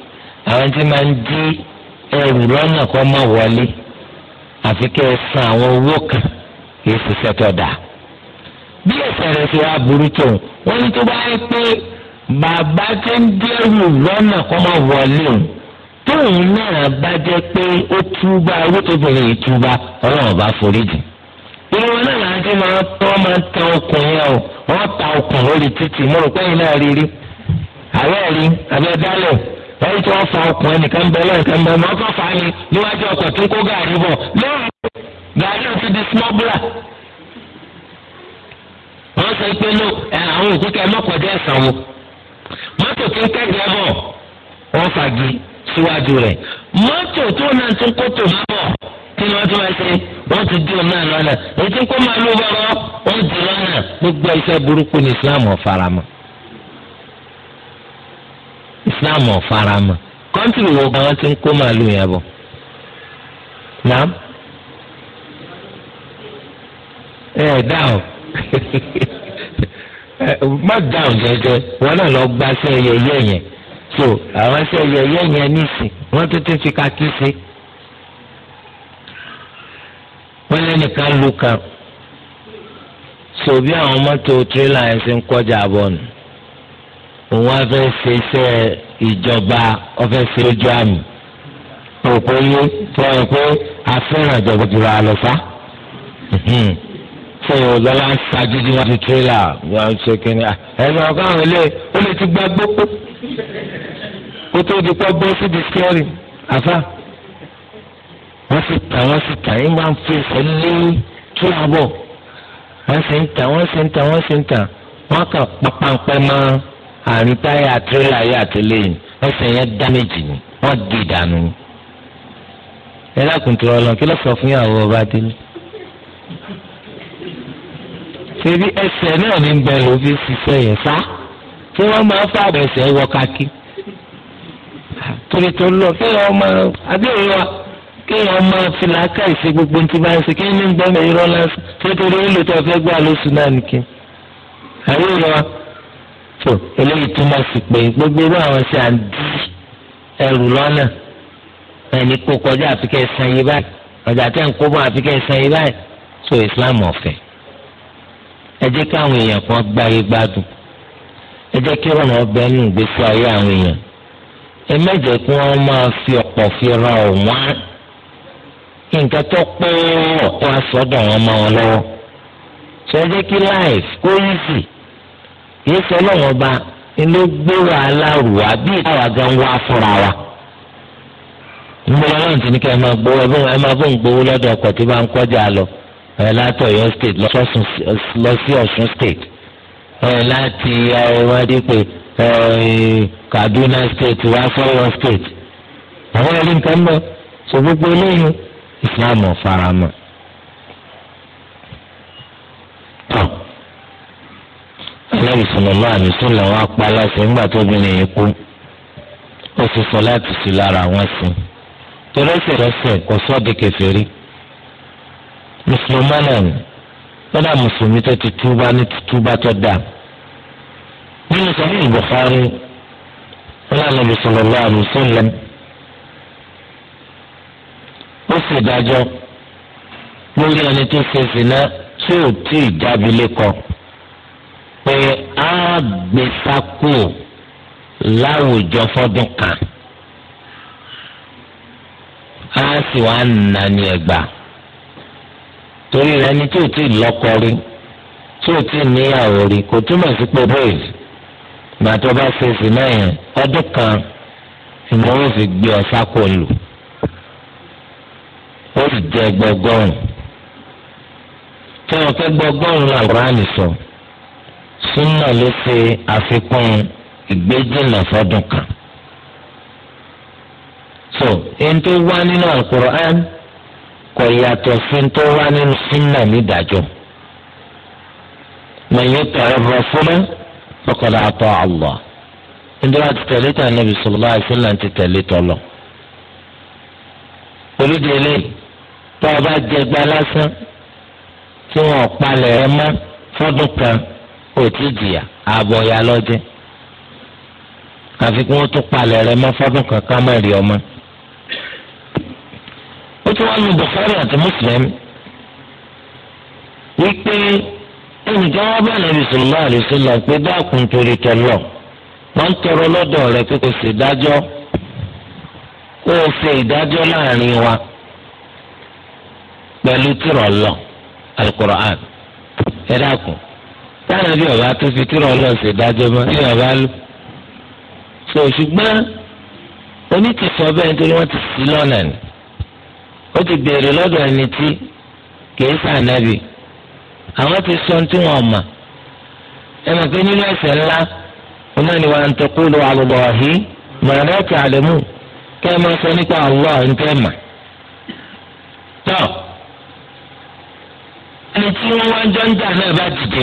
àwọn tí máa ń dí ẹrù lọ́nà kó má wọlé àfi kẹ́ ẹ san àwọn owó kan kì í ṣiṣẹ́ tó dáa. bí ẹsẹ̀ rẹ̀ ṣe wá burú tó wọ́n ní tó bá yẹ pé bàbá tí ń dí ẹrù lọ́nà kó má wọlé o tóun náà bá jẹ́ pé ó túbà owó tó bẹ̀rẹ̀ yìí ọlọ́run bá forí jì. irun náà láti máa tọ́ máa ta okùn yẹn wọ́n ta okùn lórí títì mo rò pé yìí náà rí rí àbẹ́ẹ̀rí àbẹ́ẹ̀dálẹ̀ ẹ̀yìn tí wọ́n fa ọkùn ẹnìkan bẹ́ẹ̀ lẹ́ẹ̀kan bẹ́ẹ̀ mọ́ ọkọ̀ fa ni níwájú ọkọ̀ tó ń kó gàrí bọ̀ lẹ́yìn gàrí ò di smuggler. wọ́n sọ pé ló eh, àwọn òkú kẹ́ mọ́kànjá ẹ̀sán wo mọ́tò tó ń fagi síwájú tó náà kó tò má kí ni ti máa ṣe ti lọ́nà ètí kó máa lọ́nà gbogbo iṣẹ́ burúkú islam ọ̀farama kọ́ńtìrì wo gan ti ń kó màálù yẹn bọ̀ naam ẹ dá o má dá o jẹjẹ wọn náà lọ gba sí ẹyẹ yẹ yẹn so àwọn sí ẹyẹ yẹ yẹn nísì wọn tó ti fi kakí sí wọn lẹnìkan lu kan so bí àwọn mọ́tò tírélà yẹn ṣe ń kọjá bọ nù òun wá fẹ́ ṣe iṣẹ́ ìjọba ọfẹ́ ṣe ojú àmì òpó yé tó ẹ pé afẹ́ràn ìjọba ti ra lọ sá ṣe ìwọ lọ́la ń ṣáájú tí wọ́n ti tírélà wọ́n ń ṣe kínní ẹ̀rọ ọ̀gá àwọn ilé ó lè ti gbá gbókó kó tó di pọ́ gbó sí diskẹ́rì àfa wọ́n sì tà wọ́n sì tà yín máa ń fi ẹsẹ̀ lé túlábọ̀ wọ́n sì ń tà wọ́n sì ń tà wọ́n sì ń tà wọ́n kà pàpàǹpẹ́ máa àárín táyà tírélà yìí àtìlẹ́yìn ẹsẹ̀ yẹn dá ni wọ́n gé ìdànù ni. ẹ lákùn tó ọlọ́run kí ló sọ fún ìyàwó ọba délé. ṣebí ẹsẹ̀ náà ní bẹ ló fi ṣiṣẹ́ yẹn sá tí wọ́n máa ń fàdà ẹsẹ̀ wọ kákí. torí tó lọ kí wọ́n máa adéwìn wa kí wọ́n máa fi ìṣe gbogbo ti bá ń ṣe kí ní gbọ́n mi irọ́ torí ó fẹ́ gbà lóṣù náà nìkan. àríwá so eléyìí túmọ̀ sí pé gbogbo irú àwọn sí à ń di ẹrù lọ́nà ẹni kó kọjá àfi kẹ́ ẹ san yìí báyìí ọjà tẹ̀ ń kó bọ̀ àfi kẹ́ ẹ san yìí báyìí so Islam ọ̀fẹ́ ẹ jẹ́ kí àwọn èèyàn kan gbáyé gbádùn ẹ jẹ́ kí ọ̀nà ọbẹ̀ nù gbèsè ayé àwọn èèyàn ẹ mẹ́jẹ̀ kí wọ́n máa fi ọ̀pọ̀ fi ra ọ̀wọ́n nǹkan tó pé ọ̀pọ̀ asọ́dọ̀ wọn máa wọn lọ́wọ́ so ẹ jẹ́ kí life kó easy kì í ṣe ọlọ́run ọba ló gbé wàhálà rù wá bí ìtawà gan wá fúnra wa. níbo lọ́wọ́n ti ní kí ẹ máa gbowó ẹ máa bó ń gbowó lọ́dọ̀ ọkọ̀ tí bá ń kọjá lọ ẹ láti Ọ̀yọ́ state lọ sí Ọ̀ṣun state ẹ láti ẹwádìí pé Kaduna state wá sọ́yọ́ state. àwọn ẹni nǹkan mọ́ sọ gbogbo eléyìí Islam faramọ́ alábi sọlọlọ àdìsílẹ wọn apá aláṣẹ ńgbà tóbìnrin yìí kú ó sì sọ láti sí lára wọn sí tẹrẹsẹrẹsẹ kò sọdí kèfèrí mùsùlùmá náà ni lọ́dà mùsùlùmí tó ti túbá ní túbá tó dà nínú sọ́dí ìbùkárí wọn àlọ́bi sọlọlọ àdìsílẹ ó sì dájọ́ lórí ẹni tó ṣe sí náà tí ò tí ì jábí lẹ́kọ̀ọ́ gbé sápò láwùjọ fọdún kan á sì wá nà ní ẹgbà torí rẹ ni tí ò tí ì lọ́kọ rí tí ò tí ì níyàwó rí kò túmọ̀ sí pé bóyìí gbàtọ́ bá ṣe sí náà yẹn ọdún kan ìmọ̀wé sì gbé ọ sápò lò ó sì jẹ gbọgọ́rùn tí wọn fẹ́ gbọgọ́rùn-ún àwòrán nìsọ̀rọ̀ súnà ló ṣe àfikún ìgbéjìnà fọdún kan. so ẹni tó wá nínú Al-Qur'an kò yàtọ̀ sí ẹni tó wá nínú súnà nídàájọ́. man yuti'i rasula faqad ata'a Allah. nítorí àti tẹ̀lé tà Nabi sallallahu alaihi wasallam ti tẹ̀lé tọ́lọ̀. olùdílé tó o bá jẹ lásán tí wọn ò palẹ̀ fọdún kan. kò tí ì jìyà ààbọ̀ ya lọ́jẹ́ àfi kí tún palẹ̀ rẹ kankan má rí ọmọ. ó tún àti Muslim wípé ẹnìkan wá bá nàbì sallallahu alaihi pé dákun torí tọ́lọ̀ ń tọrọ lọ́dọ̀ rẹ pé kò sì dájọ́ kó o ṣe láàrin wa táwọn bí ọba tó fi tírọ̀ ọlọ́ọ̀sẹ̀ dájọ́ ọba lò so ṣùgbọ́n oní ti sọ bẹ́ẹ̀ nítorí wọ́n ti sí lọ́nà ni ó ti béèrè lọ́dọ̀ ẹni tí kìí àwọn ti sọ tí wọ́n mọ̀ ẹ pé nínú ńlá ni wọn tó kú ti sọ nípa àlọ́ ǹtẹ́ ẹni tí wá jọ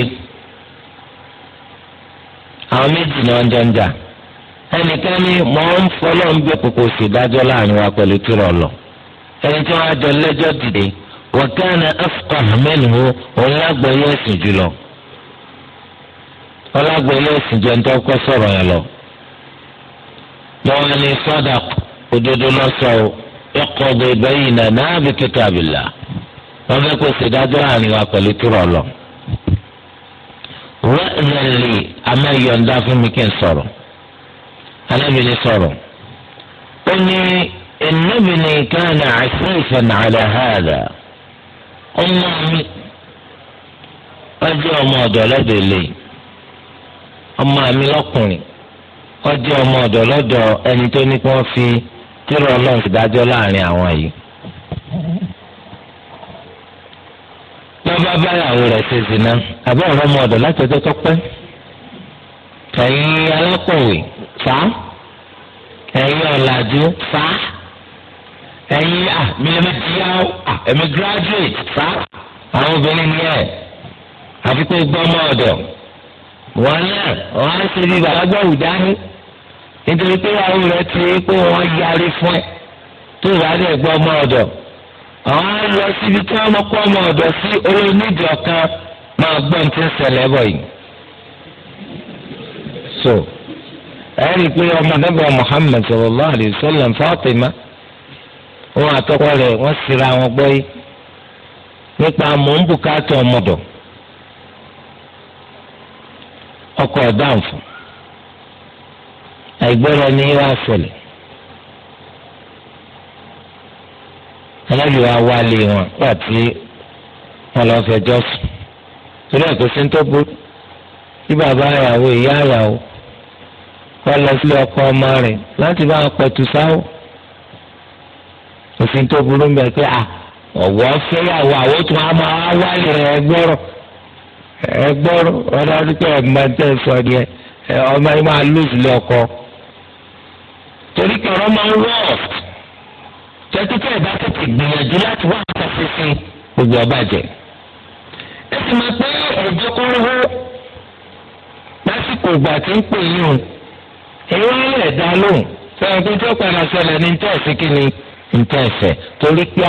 ń àwọn méjì ni wọ́n jọ ń jà ẹnìkan ni mọ̀ ń fọlọ́ ń gbé sí láàrin wa lọ ẹni tí wọ́n jọ lẹ́jọ́ dìde wọ́n ká ní afcon mẹ́nu òun lágbọ́ yóò sùn jùlọ ọlágbọ́ yóò yẹn lọ lọ́wọ́ ni òdodo yìí nà náà bí kó lọ. rẹ́ẹ̀lì amáyọ̀ǹda fún mi kí n sọ̀rọ̀ anábì ni sọ̀rọ̀ ó ní ẹnábì ni káàní àṣìṣàn ọmọ mi ọjọ́ ọmọ ọ̀dọ̀ lọ́dọ̀ èlé ọmọ mi lọ́kùnrin ọjọ́ ọmọ ọ̀dọ̀ lọ́dọ̀ ẹni tó ní kí wọ́n fi tírọ̀ ọlọ́run lọ́ba báyàwó rẹ̀ ṣe zina àbí ọ̀rọ̀ ọmọ ọ̀dọ̀ láti ọjọ́ tó pẹ́ ẹ̀yin alákọ̀wé fà á ẹ̀yin ọ̀làjú fà á ẹ̀yin àmìlẹ́mẹ́díyàwó ẹ̀mí graduate fà á àwọn obìnrin ni ẹ̀ àfi pé gbọ́ ọmọ ọ̀dọ̀ wọn náà wọn á ṣe bí bàbá gbọ́wù dání nítorí pé àwọn rẹ̀ ti pé wọ́n yarí fún ẹ tó ìwádìí ẹ̀gbọ́n ọmọ ọ̀dọ̀. àwọn á lọ síbi tí wọ́n kọ́ ọmọ ọ̀dọ̀ sí olóníjì ọ̀kan máa gbọ́n tí ń bọ̀ yìí. so ẹ pé ọmọ nígbà Muhammad sallallahu alayhi wa sallam Fatima wọn àtọkọ rẹ̀ wọ́n sira wọn gbọ́ yìí nípa mò ń bùkátà ọmọdọ̀ ọmọdé wa wálé wọn nígbà tí wọn lọ fẹjọ́ sùn torí ẹ̀ kò sí ní tó burú tí bàbá ìyàwó ìyá ìyàwó wọn lọ sílé ọkọ ọmọ rẹ̀ láti bá wọn pẹ̀tù sáwọ́ kò sí ní tó burú ń bẹ pé à ọ̀wọ́ fẹ́yàwó àwọn tó wọn máa wálé rẹ̀ gbọ́rọ̀ ẹ gbọ́rọ̀ ọ̀dọ́ ọdún pé ẹ̀ máa tẹ̀ sọ ni ẹ ọmọ yìí máa lùsùlẹ̀ ọkọ torí kẹ̀rọ máa ń wọ́ọ̀fù. tẹ́títẹ́ ẹ̀dá tètè gbìyànjú láti wá gbogbo ọba jẹ. ẹ sì máa pé lásìkò ìgbà tí o èyí lè dá lóhùn padà ní níta ẹ̀sìn kí ni torí pé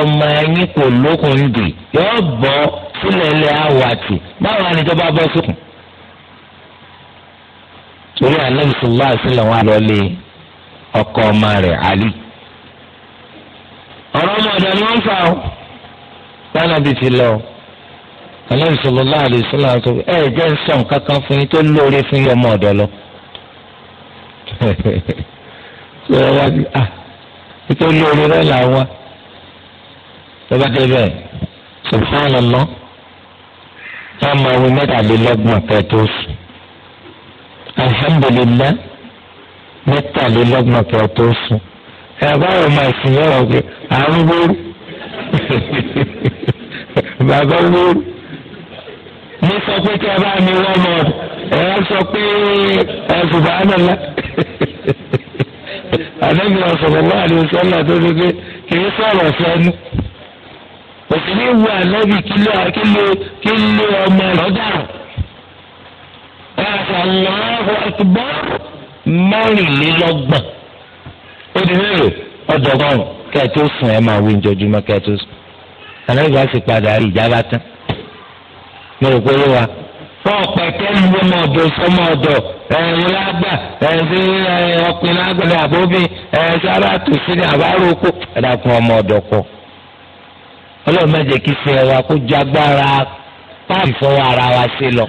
ọmọ ẹ̀yìn kò lókun dì yóò bọ́ sílẹ̀ ilẹ̀ awàtì báwo ni sókun. torí àlẹ́ wọn lọ ọkọ ọmọ rẹ̀ ọ̀rọ̀ ọmọ ọ̀dọ̀ ni wọ́n ń fà ó lánàbì ti lọ alábi sọlọlá àlùsọlá àti ẹ jẹ́ sàn kankan fún yín tó lóore fún yín ọmọ ọ̀dọ̀ lọ ṣé wọ́n wá sí ah tó lóore rẹ̀ là wá lọ́ba débẹ̀ subhanallah ẹ máa wí mẹ́tàlélọ́gbọ̀n pẹ̀tó sùn mẹ́tàlélọ́gbọ̀n pẹ̀tó báwo máa sìn yẹn wọ̀ pé àrùn bóró bàbá bóró ní sọ pé tí a bá mi wọ́n mọ̀ ẹ̀ ẹ́ sọ pé ẹ̀ fùbà á nàlá àdébí ọ̀sọ̀rọ̀lá àdéhùsọ́lá tó ti pé kì í sọ̀rọ̀ sẹ́nu òsìlẹ̀ wu ànábì kílò kílò kílò ọmọ lọ́jà ẹ̀ sọ̀rọ̀ ọ̀hún ẹ̀kúbọ́ mẹ́rìnlélọ́gbọ̀n ó di mélòó ọdọgọrùn kẹ́ẹ̀ tó sùn ẹ máa wí njojúmọ́ kẹ́ẹ̀ tó sùn ànábì bá sì padà rí ìjà bá tán mo rò pé wíwá wọn pẹ̀kẹ́ ń wọ ọmọ ọ̀dọ̀ sọmọ ọ̀dọ̀ ẹ̀yìn lágbà ẹ̀yìn ọkùnrin lágbà ní àbóbí ẹ̀yìn sára tòṣì ní àbárò oko ẹ̀dàkùn ọmọ ọ̀dọ̀ pọ̀ ọlọ́run mẹ́jẹ kí fẹ́ wa kó ju agbára páàpì fọwọ́ ara wa sí lọ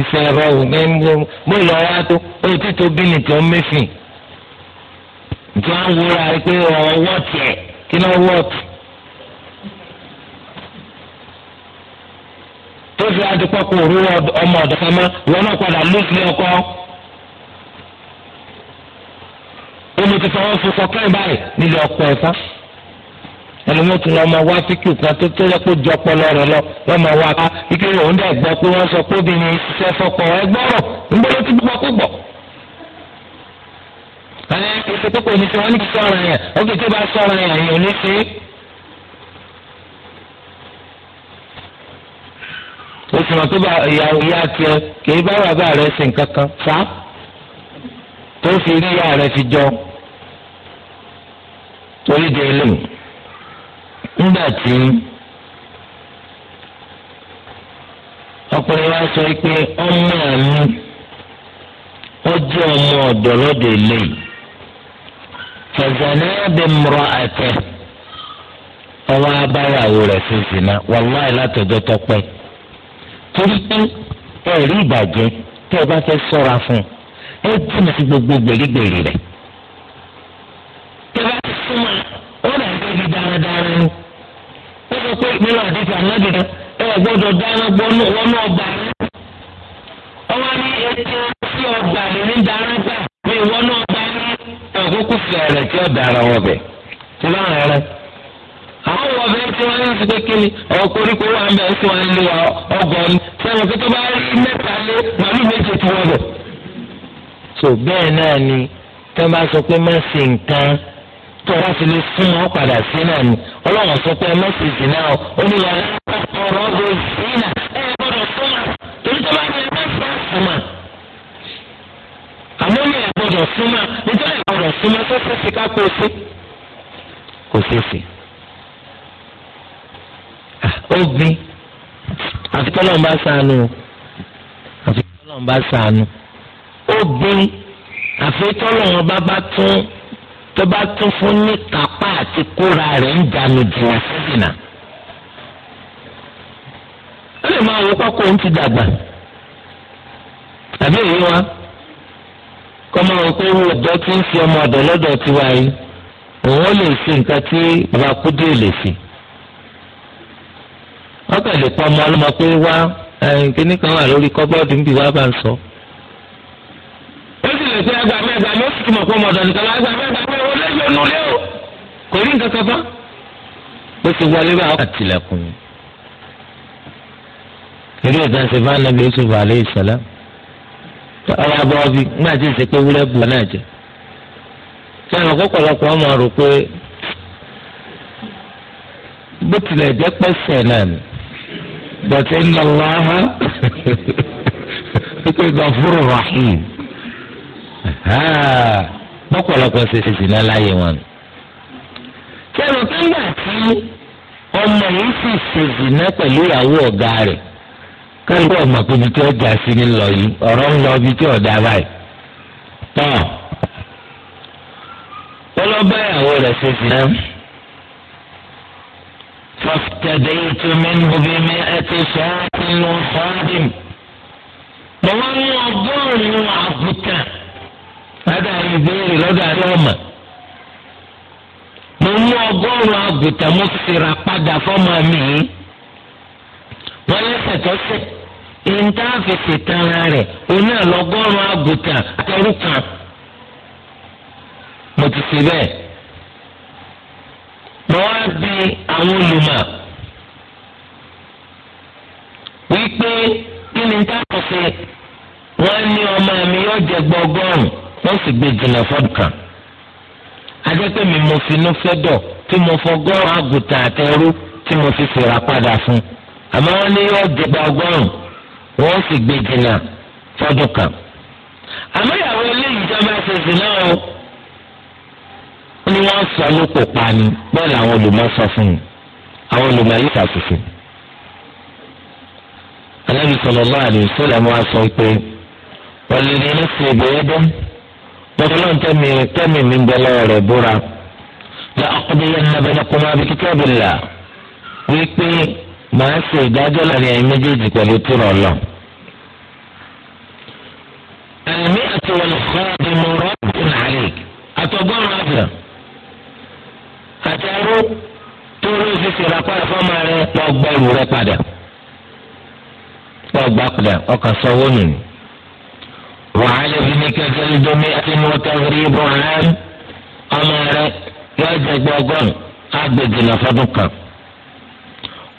ìfẹ́ rọrùn mọ́ ìlọ wa tó ó ti tó bí nìkan mẹ́fìn. tí a ń wúra rẹ pé ọwọ́ tiẹ̀ kí ló wọ́ tó fi adìpọ̀ rú ọmọ ọ̀dọ́ kan mọ́ ìwọ náà padà ọkọ. báyìí nílé ọkọ tún wá kan jọ ọpọlọ rẹ lọ wá ká ike òun dẹ̀ gbọ́ pé wọ́n sọ pé obìnrin ṣiṣẹ́ fọkọ ẹgbọ́rọ̀ ń bọ́ gbọ́ ẹ ètò tó kò ní sọ wọn ní kíkọ́ ọ̀rọ̀ yẹn ó kì í tó bá sọ ọ̀rọ̀ yẹn yóò ní sí. ó sì máa tó bá ìyàwó ìyá tiẹ̀ kì í bá bàbá rẹ̀ sìn kankan fa tó fi rí ìyá rẹ̀ fi jọ torí di eléyìí nígbà tí ọkùnrin wa sọ pé ọmọ mi ó jẹ́ ọmọ ọ̀dọ́ lọ́dọ̀ eléyìí. fẹ̀zẹ̀nà bẹ̀mọ̀rọ̀ àtẹ ọwọ́ abáyàwó rẹ̀ ṣe zina wàláì látọjọ́ tọpẹ́ torí pé ẹ̀rí ìbàjẹ́ tẹ́ ẹ bá fẹ́ sọ́ra fún ẹ jìnnà sí gbogbo gbèrígbèrí rẹ̀ ọ rẹ̀ ń débi dáradára ni ó sọ pé nínú àdéhùn ẹ gbọ́dọ̀ dáná wọnú yóò dára wọn bẹ̀ tí bá wọn rẹ. àwọn wọ bẹ́ẹ̀ tí wọ́n ń fi kékeré ọ̀rọ̀ koríko wà ń bẹ̀ sí wọn lé ọgọ́n sẹ́wọ̀n kí tó bá rí mẹ́ta lé màálù méje tí wọ́n bọ̀. so bẹ́ẹ̀ náà ni tí wọ́n bá sọ pé má ṣe nǹkan tó wá sí lè fún wọn padà sí náà ni ọlọ́run sọ pé má ṣe sí náà ó ní wọn ọ̀rọ̀ ọ̀gbọ̀n sí náà ẹ̀ gbọ́dọ̀ súnmọ́ torí tó bá ní ẹ̀ má ṣe àmọ́ mi ẹ̀ ìmọ̀ tó ṣe ṣe ká kó o sí kò ṣe ṣe. Ah, ó gbin àfi tọ́lọ́ ń bá sànù àfi tọ́lọ́ ń bá sànù ó gbin àfi tọ́lọ́ ń bá bá tún tó bá tún fún ní kápá àti kóra rẹ̀ ń dànù jìnnà sí ó lè máa wo kọ́kọ́ òun ti dàgbà tàbí èyí wa. kọ́mọ òpin wo ọ̀dọ́ tí ń fi ọmọ ọ̀dọ́ lọ́dọ̀ tiwa yìí òun ó lè fi nǹkan tí bàbá kúndé lè fi. wọ́n kàn lè ọmọ ọlọ́mọ pé wá kíní kan wà lórí kọ́bọ́ọ̀dù níbi wàá bá ń sọ. o si rí nǹkan kan bá. ó ọ̀rọ̀ abọ́ọ̀bì nígbà tí ìṣe pé wúlẹ̀ bù náà jẹ. ọ̀pọ̀lọpọ̀ ọmọ rò pé bó tilẹ̀ jẹ́ pẹ́sẹ̀ náà ni bọ̀tẹ́ ń lọ wá pípé gàfúrò rahim bọ́pọ̀lọpọ̀ ṣe ṣe sì náà láyé wọn. tí ọmọ yìí sì ṣe náà pẹ̀lú ìyàwó ọ̀gá rẹ̀. káyọ̀ bọ̀ mọ̀ pé ibi tí ọjà sí ni lọ yìí ọ̀rọ̀ ń lọ ibi tí ọ̀dà báyìí. tán wọ́n lọ bá ìyàwó rẹ̀ ṣe sí náà. فافتديت منه بمائة شاة وصادم mo wá ní ọgọ́rùn-ún àgùntàn látàrí ìbéèrè lọ́dọ̀ àdéhùnmá mo mú ọgọ́rùn-ún àgùntàn mo fìrà padà fọ́mọ mi wọ́n lẹ́sẹ̀ tó sẹ́ẹ̀. nta fi tara rẹ̀ oní àlọ́gọ́rùn àgùntàn àtẹrù kan. mo ti ṣe bẹ́ẹ̀. mo wá bí àwọn olùmọ̀ wípé kí ni ta kò ní ọmọ mi yóò jẹ gbọ́gọ́rùn wọ́n sì gbé jìnnà kan. mi mo fi fẹ́ dọ̀ tí mo fọgọ́rùn àgùntàn àtẹrù tí mo fi ṣèrà padà fún àmọ́ wọ́n sì gbé jìnnà fọ́dún kan. àmọ́ ìyàwó eléyìí tó bá ṣe sí náà o ó ní wọ́n sọ lóko pani bẹ́ẹ̀ làwọn olùmọ̀ sọ fún un àwọn olùmọ̀ yìí ṣàṣìṣe. Ànábì sallallahu alaihi wasallam wá sọ pé ọ̀lẹ́ni ní ṣe ìbéyẹ́dẹ́ bọ́kọ́lọ́ tẹ́mi tẹ́mi mi bẹ rẹ̀ búra la aqdiyanna baynakuma bi kitabillah wípé màá ṣe ìdájọ́ láàrin ẹ̀yin méjèèjì pẹ̀lú tìrọ̀ lọ. ẹ̀mí àti olùkọ́ di mo rọ́ọ̀bù nàlẹ́ àtọ̀gọ́rùn àjà àti arú tó rí òṣìṣẹ́ ìrapá ìfọ́mọ rẹ wọ́n gbọ́ ìlú rẹ padà wọ́n gbà padà ọkàn sanwó nù. wàhálà bí ní kẹsàn-án ìdómi àti mọ́tò rí ibò hàn ọmọ rẹ yóò jẹ gbọ́gọ́rùn-ún àgbègbè náà fọdún kan.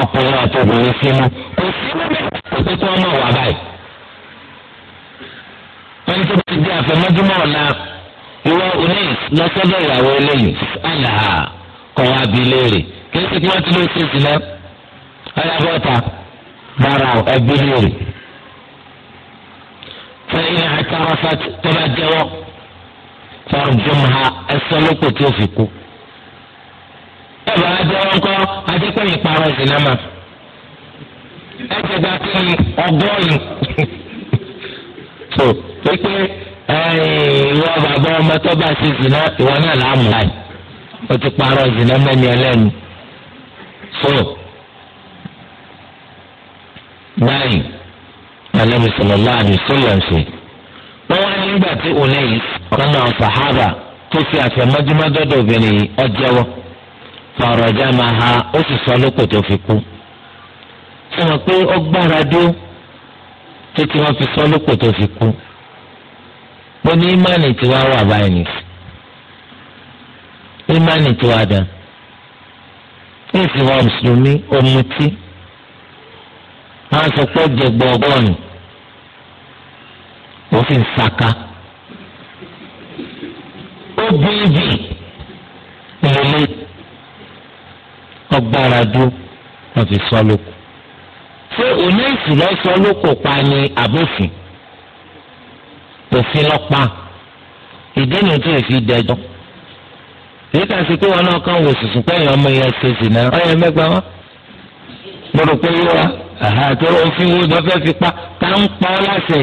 ọkùnrin àti obìnrin sínú kò sínú bẹ́ẹ̀ kò tó tó ọmọ wà báyìí. wọ́n tó ti di àfẹ́mọ́júmọ́ ọ̀la ìwọ oníyìí lọ́sọ́dọ̀ ìyàwó eléyìí àlà kọ́ wa bí léèrè kí ló ti kí wọ́n ti ló ṣe sílẹ̀ ọ̀yà bọ́ta dára ẹbí léèrè. fẹ́yìn àtàwọn fàtí tó bá jẹ́wọ́ fọ́ọ̀rù jùmọ̀ ẹsẹ̀ lóko tí ó fi kú. dábàá ajẹ́wọ́nkọ́ ajẹ́pẹ́ ìparọ́ ìsìnámà ẹ̀jẹ̀ gba sí ọgọ́rin tó pé ìwọ bàbá ọmọ tó bá ṣe ìsìná ìwọ náà láàmú láì ó ti parọ́ ìsìnámà ẹni ẹlẹ́nu tó báyìí alẹ́ sallallahu alaihi wasallam ṣe wọ́n wá nígbà tí òun lẹ́yìn ọ̀kan náà sàhábà tó fi àfẹ́mọ́júmọ́dọ́dọ̀ obìnrin yìí ọjẹ́wọ́. fàrọ̀jà máa ha ó sì sọ lóko tó fi kú ṣé wọn pé ó gbára dó títí wọn fi sọ lóko tó fi kú ó ní ìmánì tí wàá wà báyìí nìyí ìmánì tó wà dán ní ìsìnwá mùsùlùmí ọmọtí wọn sọ pé jẹgbọ ọgọ́rin òfin saka ó bí ibi ìrẹ̀lẹ̀ ọgbára dúró wọn fi sọ lóko ṣé oníṣì lọ sọ lóko pa ni àbófin òfin lọ́pa ìdí ni tó fi dẹjọ́ èyí kan sí pé wọn náà kàn wò sùsùn pẹ́yìn ọmọ yẹn ṣe sì náà ọyẹ mẹ́gbà wọn mo rò pé yíwa àti òfin wo lọ́ fi pa tá ń pa ọ́ láṣẹ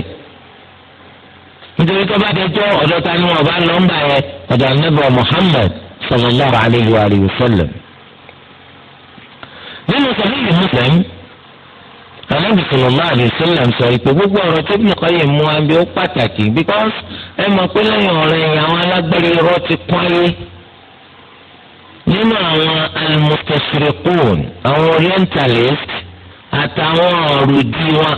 nítorí tó bá dẹjọ́ ọ̀dọ́ta ni wọn bá lọ́ńbà yẹn ọ̀dọ̀ anábọ̀ Muhammad sallallahu alayhi wa sallam nínú sọ̀rọ̀ Muslim anabi sallallahu alaihi wasallam sọ ìpè gbogbo ọ̀rọ̀ tó bí nǹkan yẹn mú wa bí ó pàtàkì because ẹ mọ̀ pé lẹ́yìn ọ̀rọ̀ yẹn àwọn alágbèrè irọ́ ti pọ́nlé nínú àwọn almustashriqun àwọn orientalist àtàwọn ọ̀rùdí wọn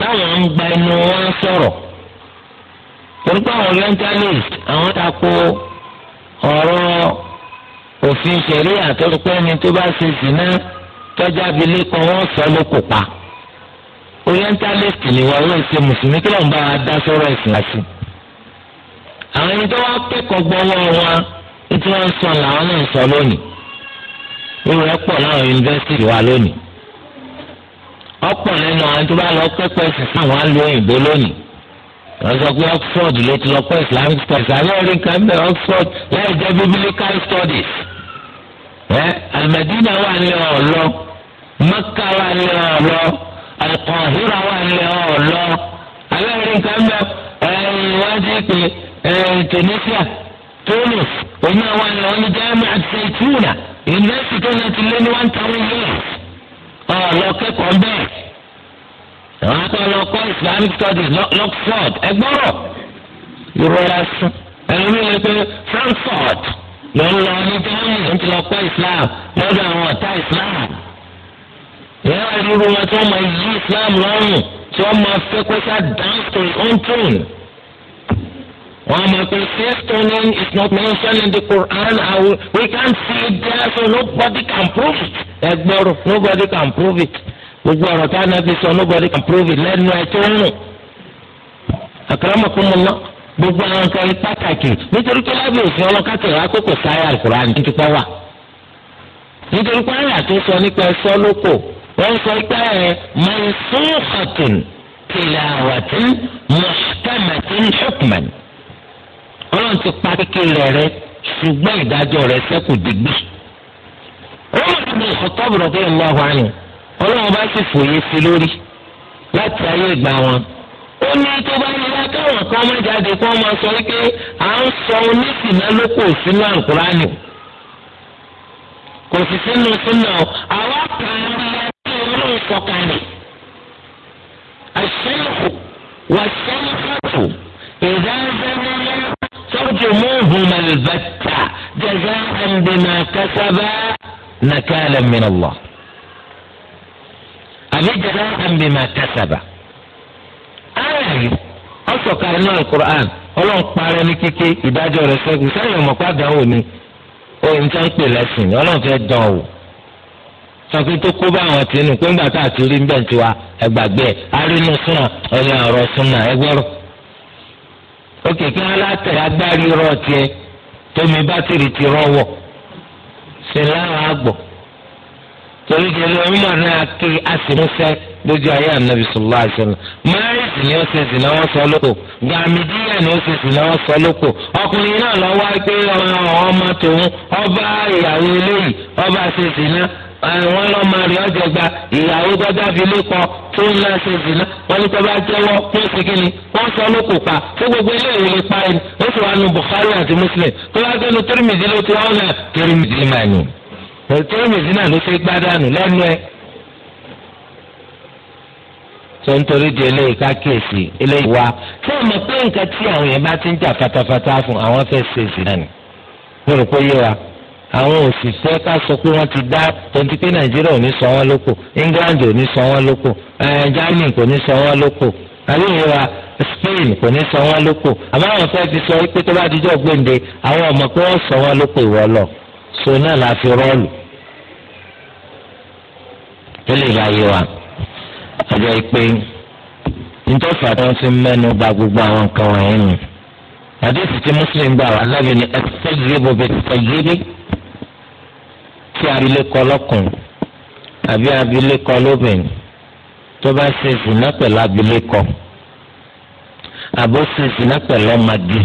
táwọn ń gba inú wọn sọ̀rọ̀ torí pé àwọn orientalist àwọn tako ọ̀rọ̀. òfin ṣẹ̀rí àtọ́lùpẹ́ ẹni tó bá ṣe zina tọ́jà abilé kan wọ́n sọ ló kò pa orientalist ni wọ́n wọ́n ṣe mùsùlùmí kí lóun bá wa dá sọ́rọ̀ ẹ̀sìn àti. àwọn ẹni tó wá kẹ́kọ̀ọ́ gbọ́wọ́ wọn tí wọ́n sọ làwọn náà ń sọ lónìí irú rẹ̀ pọ̀ láwọn yunifásitì wa lónìí ọ̀pọ̀ lẹ́nu àwọn tó bá lọ kẹ́kọ̀ọ́ ẹ̀sìn sí àwọn àlọ́ òyìnbó lónìí wọ́n sọ pé Oxford ló ti lọ kọ́ Islamic studies àbẹ́rẹ́ nǹkan bẹ́ẹ̀ Oxford láì jẹ́ biblical studies ẹ Al-Madina wà ní ọ̀lọ́ Mẹ́kà wà ní ọ̀lọ́ Al-Qahira wà ní ọ̀lọ́ àbẹ́rẹ́ nǹkan bẹ́ẹ̀ wọ́n ti pè Tunisia Tunis oní àwọn àlọ́ oní Jami'at Zaytuna university tó náà ti lé ní one thousand years ọ̀lọ́ kẹ́kọ̀ọ́ bẹ́ẹ̀ àwọn akọ lọ kọ islamic studies Oxford ẹgbọrọ ìrora sùn ẹlòmíì lè pe Frankfurt ló ń lọ ní Germany ń ti lọ kọ Islam lọ́dọ̀ àwọn ọ̀tá Islam ìyá ìrúru wọn tí wọ́n máa yí Islam lọ́rùn tí wọ́n máa fẹ́ kó sá dance to his own tune wọ́n máa pe sextoning is not mentioned in the Quran and we can't see it there so nobody can prove it ẹgbọrọ nobody can prove it gbogbo ọ̀rọ̀ tá a náà fi sọ nobody can prove it lẹ́nu ẹ̀ tó ń rùn. àkàràmọ̀kùnmọ̀lá gbogbo àwọn nǹkan pàtàkì nítorí pé lábẹ́ òfin ọlọ́kàtà wa kókò sáyà àlùkùránì ní pípọ́ wà. nítorí pé àyà tó sọ nípa ẹ̀sọ́ lóko wọ́n sọ pé ẹ̀ mọ̀nsúnkàtún tìlàwàtún mọ̀ṣkámàtún hukman. ọlọ́run ti pa kékeré rẹ ṣùgbọ́n ìdájọ́ rẹ sẹ́kù dìgbì. ó lọ́ọ́ ọlọ́run bá sì fòye sí lórí láti ayé ìgbà wọn. ó ní tó bá ní lákàwọn kan má jáde kó máa sọ wípé à ń sọ onísìnà lóko sínú àlùkùránì kò sì sínú sínú àwọn kan ní ọlọ́run sọ̀kalẹ̀. àṣẹ́yìnkù wà sẹ́yìnkù ìdáńdẹ́mọ́lá sọ́jú mọ́ọ̀hún mẹ́lẹ́bẹ̀tà jẹ́zá ẹ̀ kásábà nàkàlẹ̀ mìíràn lọ. àbí jẹ̀dá àmbìmà kásàbà. ayà yìí náà alukur'an ọlọ́run parẹ́ ní kíké ìdájọ́ rẹ̀ sẹ́gun sẹ́yìn ọmọ pàdánwò ni ohun tí wọ́n pè lẹ́sìn ọlọ́run fẹ́ dán o. sọ̀kì tó kó bá àwọn tìǹbù pé ńgbà tá a ti rí tiwa arínú súnà ọ̀rọ̀ súnà agbárí rọ̀ tiẹ̀ tómi bátìrì ti rọ̀ wọ̀ láwọn àgbọ̀ torí kẹlẹ ọmọ náà ké àsìmúsẹ lójú ayé ànábi sọlá àṣẹlẹ mẹrìsì ni ó ṣe sì náà wọn sọ lóko gàmídíyà ni ó ṣe sì náà wọn sọ lóko ọkùnrin náà lọ wá pé ọmọ tòun ọba ìyàwó eléyìí ọba ṣe sì náà àwọn ọlọ́mọ rẹ̀ ọjọ́ gba ìyàwó gbọ́dọ̀ fi lẹ́kọ̀ọ́ tó ń lọ ṣe zìnà wọn ní tọ́ba jẹ́wọ́ tó ṣe kí ni wọ́n sọ ló pa tó gbogbo eléyìí lè pa ẹni ó sì wà nù Bukhari àti Muslim tó bá gbẹ́nu Tirmidhi ló ti wọ́n náà Tirmidhi máa yìn tẹ́lẹ̀mẹ̀sì náà ló ṣe gbá dànù lẹ́nu ẹ̀. tó ń torí di eléyìí kákìsì eléyìí wá ṣé o mọ̀ pé nǹkan tí àwọn yẹn bá ti ń jà fatafata fún àwọn fẹ́ ṣe èsì náà ni mo rò pé yé wa àwọn òṣìṣẹ́ ká sọ pé wọ́n ti dá tonti pé nàìjíríà ò ní sọ wọ́n lóko england ò ní sọ wọ́n lóko germany kò ní sọ wọ́n lóko àbíyẹn wa spain kò ní sọ wọ́n lóko àmọ́ àwọn fẹ́ sọ pé tó bá dijọ́ gbèǹde àwọn ọmọ pé wọ́n sọ wọ́n lóko ìwọ lọ so náà la fi rọ́ọ̀lù tó lè bá yé wa ọjọ́ ìpè ntọ́fà tó ń fi mẹ́nu ba gbogbo àwọn nǹkan wọ̀nyí nù àdéhùn tí muslim gbà wá lábẹ́ ni ẹ̀sẹ̀gìrìbò bẹ̀tẹ̀ tẹ̀gìrì tí abilékọ lọ́kùn àbí abilékọ lóbìnrin tó bá ṣe ìsìnà pẹ̀lú abilékọ àbó ṣe ìsìnà pẹ̀lú ọmọdé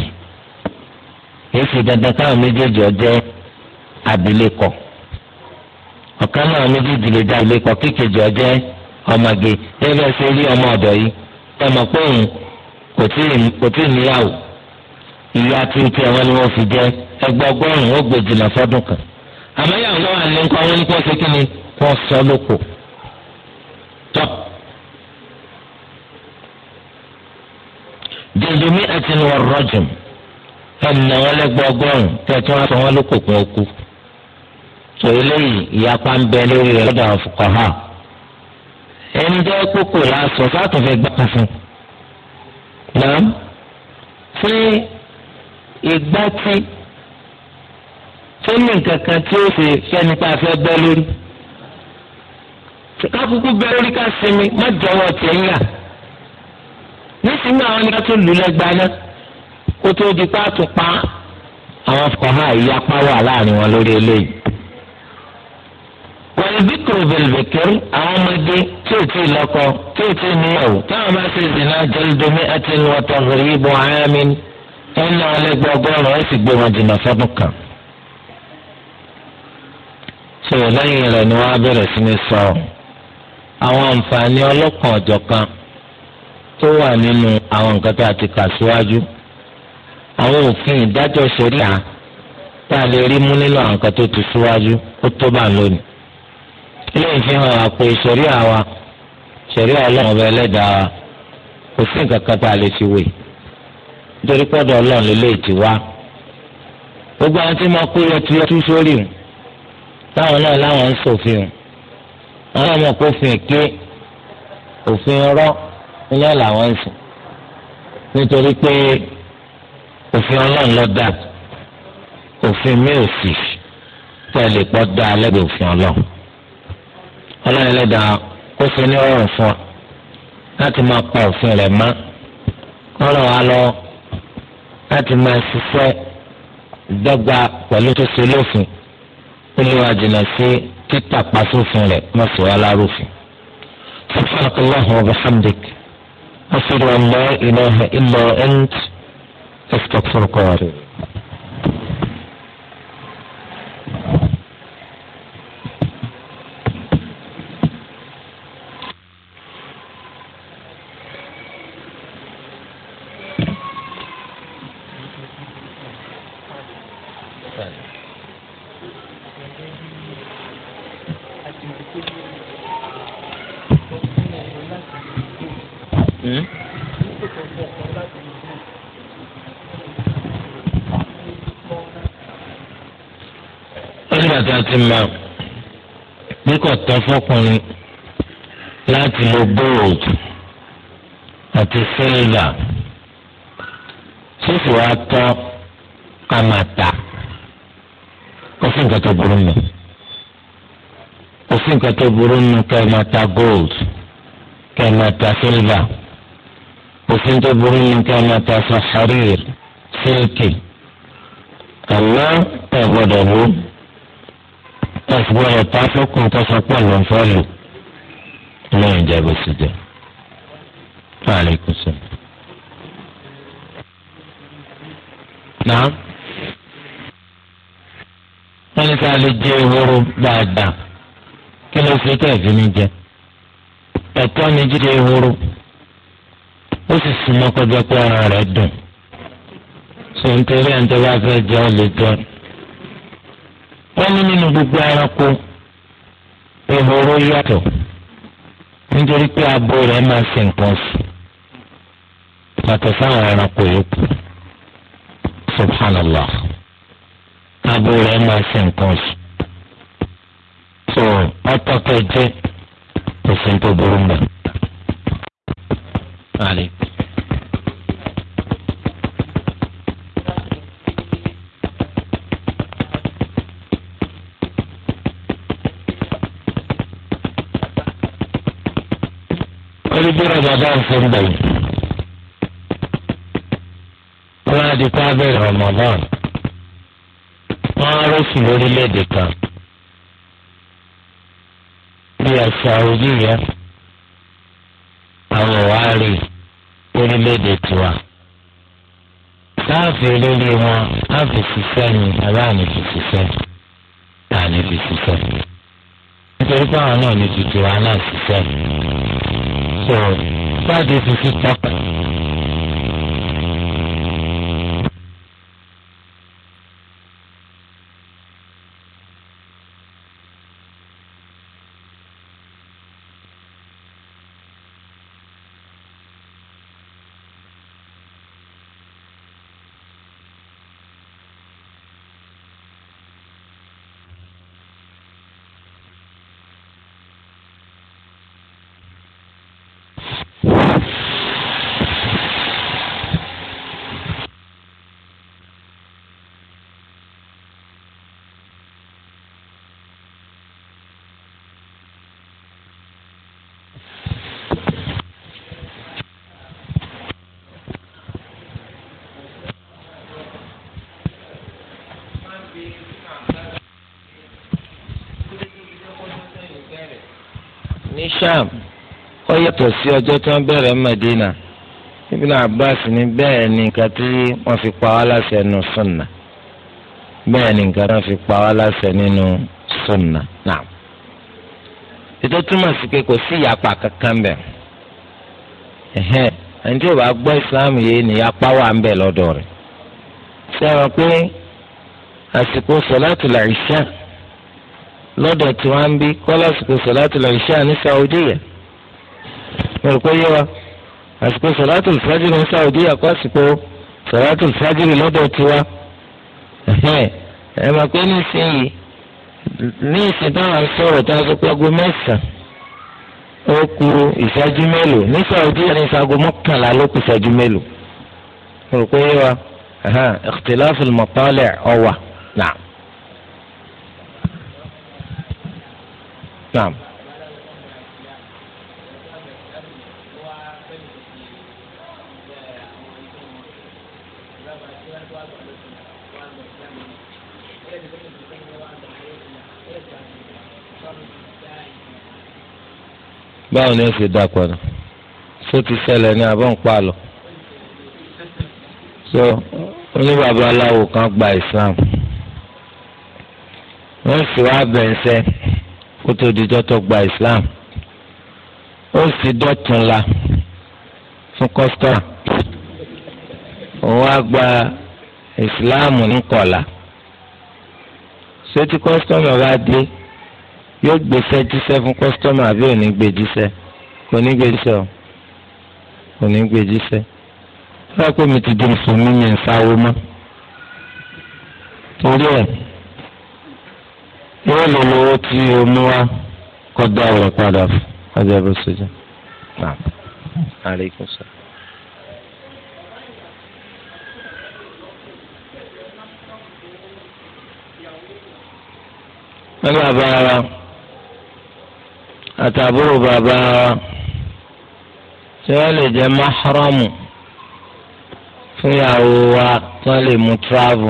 èsì dandan káwọn méjèèjì ọjọ́ abilékọ ọ̀kan náà méjèèjì lè dá abilékọ kékejì ọjẹ́ ọmọge ẹgbẹ́ ṣe rí ọmọ ọdọ yìí ẹ mọ̀ kò tí ì níyàwó ìyá tí ni wọ́n fi jẹ́ ẹgbẹ́ ọgọ́rùn-ún ó gbèjì náà fọ́dún kan àmọ́ yàrá wọn nǹkan wọn ní ṣe kí ni sọ lóko tọ́. dundunmi ẹtì ni sọ eléyìí ìyapa ń bẹ lórí rẹ̀ lọ́dọ̀ àwọn fuqaha ẹni jẹ́ kókò lásán sátúnfẹ́ gbàkan fún náà ṣé ìgbà tí fẹ́mi kankan tí ó ṣe fẹ́ni pa fẹ́ bẹ́ lórí kákúkú bẹ́ lórí ká sinmi má jọ̀wọ́ tiẹ̀ ń yà nísìnyí àwọn ni ká tó lù lẹ́gbàá náà kó tó di pàtó pa àwọn fuqaha ìyapa wà láàrin wọn lórí eléyìí wàlùbíkùrù bẹ̀rẹ̀bẹ̀kẹ́rù àwọn ọmọdé tí ò tí ì lọ́kọ tí ò tí ì níyàwó táwọn bá ṣe zina jẹ́lódomi àti ìwọ̀tọ̀ ìbò àyàmì ẹ̀ ń náà lẹ́gbẹ́ ọgọ́rùn-ún ẹ̀ sì gbé wọn jìnnà fọ́dún kan. ṣé lẹ́yìn rẹ̀ ni wọ́n á bẹ̀rẹ̀ sí ní sọ àwọn àǹfààní ọlọ́kan ọ̀jọ̀kan tó wà nínú àwọn nǹkan tá a ti kà síwájú àwọn òfin ìdájọ́ ṣẹ̀ríà tá a lè rí mú nínú àwọn nǹkan tó ti síwájú ó tó bá lónìí eléyìí fi hàn wá pé àwa sẹ̀rí ọlọ́run ọba ẹlẹ́dàá wa kò sí nǹkan kan tá a lè fi wé nítorí pọ́dọ̀ ọlọ́run lè léè ti wá gbogbo àwọn tí wọ́n kó yọtúyọtú sórí wọn táwọn náà láwọn ń ṣòfin wọn àwọn ọmọ kò fi ké òfin ọ̀rọ̀ ilé làwọn ń sìn nítorí pé òfin ọlọ́run ló dà òfin mi ò sì tẹ̀lé pọ́ dá lẹ́gbẹ̀ẹ́ òfin ọlọ́run ọlọ́run ẹlẹ́dàá kó fi ní ọrùn fún ọ láti máa pa òfin rẹ̀ mọ́ ọ̀rọ̀ wa lọ láti máa ṣiṣẹ́ dọ́gba pẹ̀lú tó ṣe lófin ó lè wá jìnnà sí títà pasófin rẹ̀ má sì wá lárúfin. سبحانك اللهم وبحمدك أشهد أن لا إله إلا أنت أستغفرك وأتوب ti mọ̀ bí kò tọ́ fọkùnrin láti lo gold àti silver sísè wa tọ́ ká máa tà òfin kan tó burú nù òfin kan tó burú nù ká gold ká máa ta silver òfin tó burú nù ká máa ta sọ harir silki àmọ́ ẹ̀ gbọ́dọ̀ burú pàṣípò ẹ̀ta fẹ́kùn tó sọ pé òun fẹ́ lò lẹ́yìn ìjẹ́bù sí jẹ́ fáàlì kùsù. náà wọ́n ní sáà lè jẹ́ ehoro dáadáa kí ló fi kẹ́ẹ̀fì mi jẹ ẹ̀tọ́ ni jíde ehoro ó sì súnmọ́ kọjá pé ara rẹ̀ dùn sọ̀ńtẹ́rẹ́ ẹ̀ ń tẹ́ bá fẹ́ jẹ́ ọ wọ́n ní nínú gbogbo ẹranko ehoro yàtọ̀ nítorí pé abo rẹ̀ máa ń ṣe nǹkan sí yàtọ̀ sáwọn ẹranko yòókù subhanallah abo rẹ̀ máa ṣe nǹkan sí so ọtọ kẹjẹ kò sí ní burú mbẹ. dúró bàbá òfin ń bẹ̀ yìí. wọ́n á di pábẹ́rẹ́ Ramadan. wọ́n á rọ́ọ̀sì lórílẹ̀‐èdè kan. bí àṣà òbí yẹn àwọn òwárí lórílẹ̀‐èdè tiwa. láàfin lórí wọn láàfin ṣiṣẹ́ ni aláàánú fi ṣiṣẹ́ láàánú fi ṣiṣẹ́. nítorí pé àwọn náà ní tuntun wa ṣiṣẹ́ so báyìí ti fi tọ́ka. ní sham ó yàtọ̀ sí ọjọ́ tí wọ́n bẹ̀rẹ̀ Madina Ibn Abbas ní bẹ́ẹ̀ ni nǹkan tí wọ́n fi pa wá láṣẹ nínú sunna bẹ́ẹ̀ ni nǹkan tí wọ́n fi pa wá láṣẹ nínú sunna náà. ètò túmọ̀ sí pé kò sí ìyapa kankan bẹ̀ ẹ̀hẹ́n ẹni ò bá gbọ́ Islam yìí ni ìyapa wà ń bẹ̀ lọ́dọ̀ rẹ̀ sẹ́wọ̀n pé àsìkò sọ̀látùl ìṣá lọ́dọ̀ tí wọ́n ń bí kọ́ lásìkò sọ̀láàtì lọ́ọ̀ṣẹ́ ní sàwùdíyà mo rò pé yé wa àsìkò sọ̀láàtì fàjìrì ní sàwùdíyà kọ́ àsìkò sọ̀láàtì fàjìrì lọ́dọ̀ tí wa ẹ mọ̀ pé nísìnyí ní ìsìn táwọn ń sọ̀rọ̀ tá a sọ pé aago mẹ́sàn-án ó ku ìṣẹ́jú mélòó ní sàwùdíyà ní sago mọ́kànlá ló ku ìṣẹ́jú mélòó mo rò pé yé wa ikhtilaful sam. báwo ni ó fi dà padà só ti ṣẹlẹ̀ ní abọ́ ń pa lọ. so oníbàbá aláwo kan gba Islam wọ́n sì wá bẹ̀ ń sẹ́ kó tó gba islam ó sì dọ́tun la fún kọ́sítọ́mù òun á gba islam ńkọ̀la sẹ́tí kọ́sítọ́mù bá dé yóò gbèsè jíṣẹ́ fún kọ́sítọ́mù àbí òní gbé jíṣẹ́ kò ní gbé jíṣẹ́ o kò ní gbé jíṣẹ́ wọ́n ti di mùsùlùmí mi ń sáwó mọ́ torí ẹ̀ wọ́n lè lówó tí o mú wa kọ́ dá rẹ̀ padà fún ọjọ́ bó ṣe jẹ́. Aleykum salaam. wọ́n bàbá wa àtàbúrò bàbá wa tí wọ́n lè jẹ́ máhárọ́mù fún ìyàwó wa tí wọ́n lè mú tíráàvù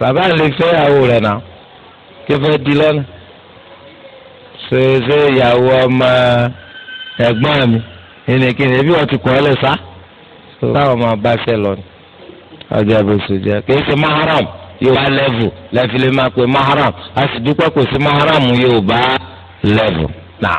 bàbá lè fẹ́ ìyàwó rẹ̀ náà kí fẹ́ di lọ́nà ṣe ṣe ìyàwó ọmọ ẹ̀gbọ́n mi ìnìkìnì ebi wọ́n ti kọ́ ẹ lẹ sá báwọn máa bá ṣe lọ ni ọjọ́ bó ṣe jẹ́ kì í ṣe maharam yóò bá lẹ́vù lẹ́fìlẹ́ máa pe maharam a sì dúpẹ́ kò sí maharam yóò bá lẹ́vù náà.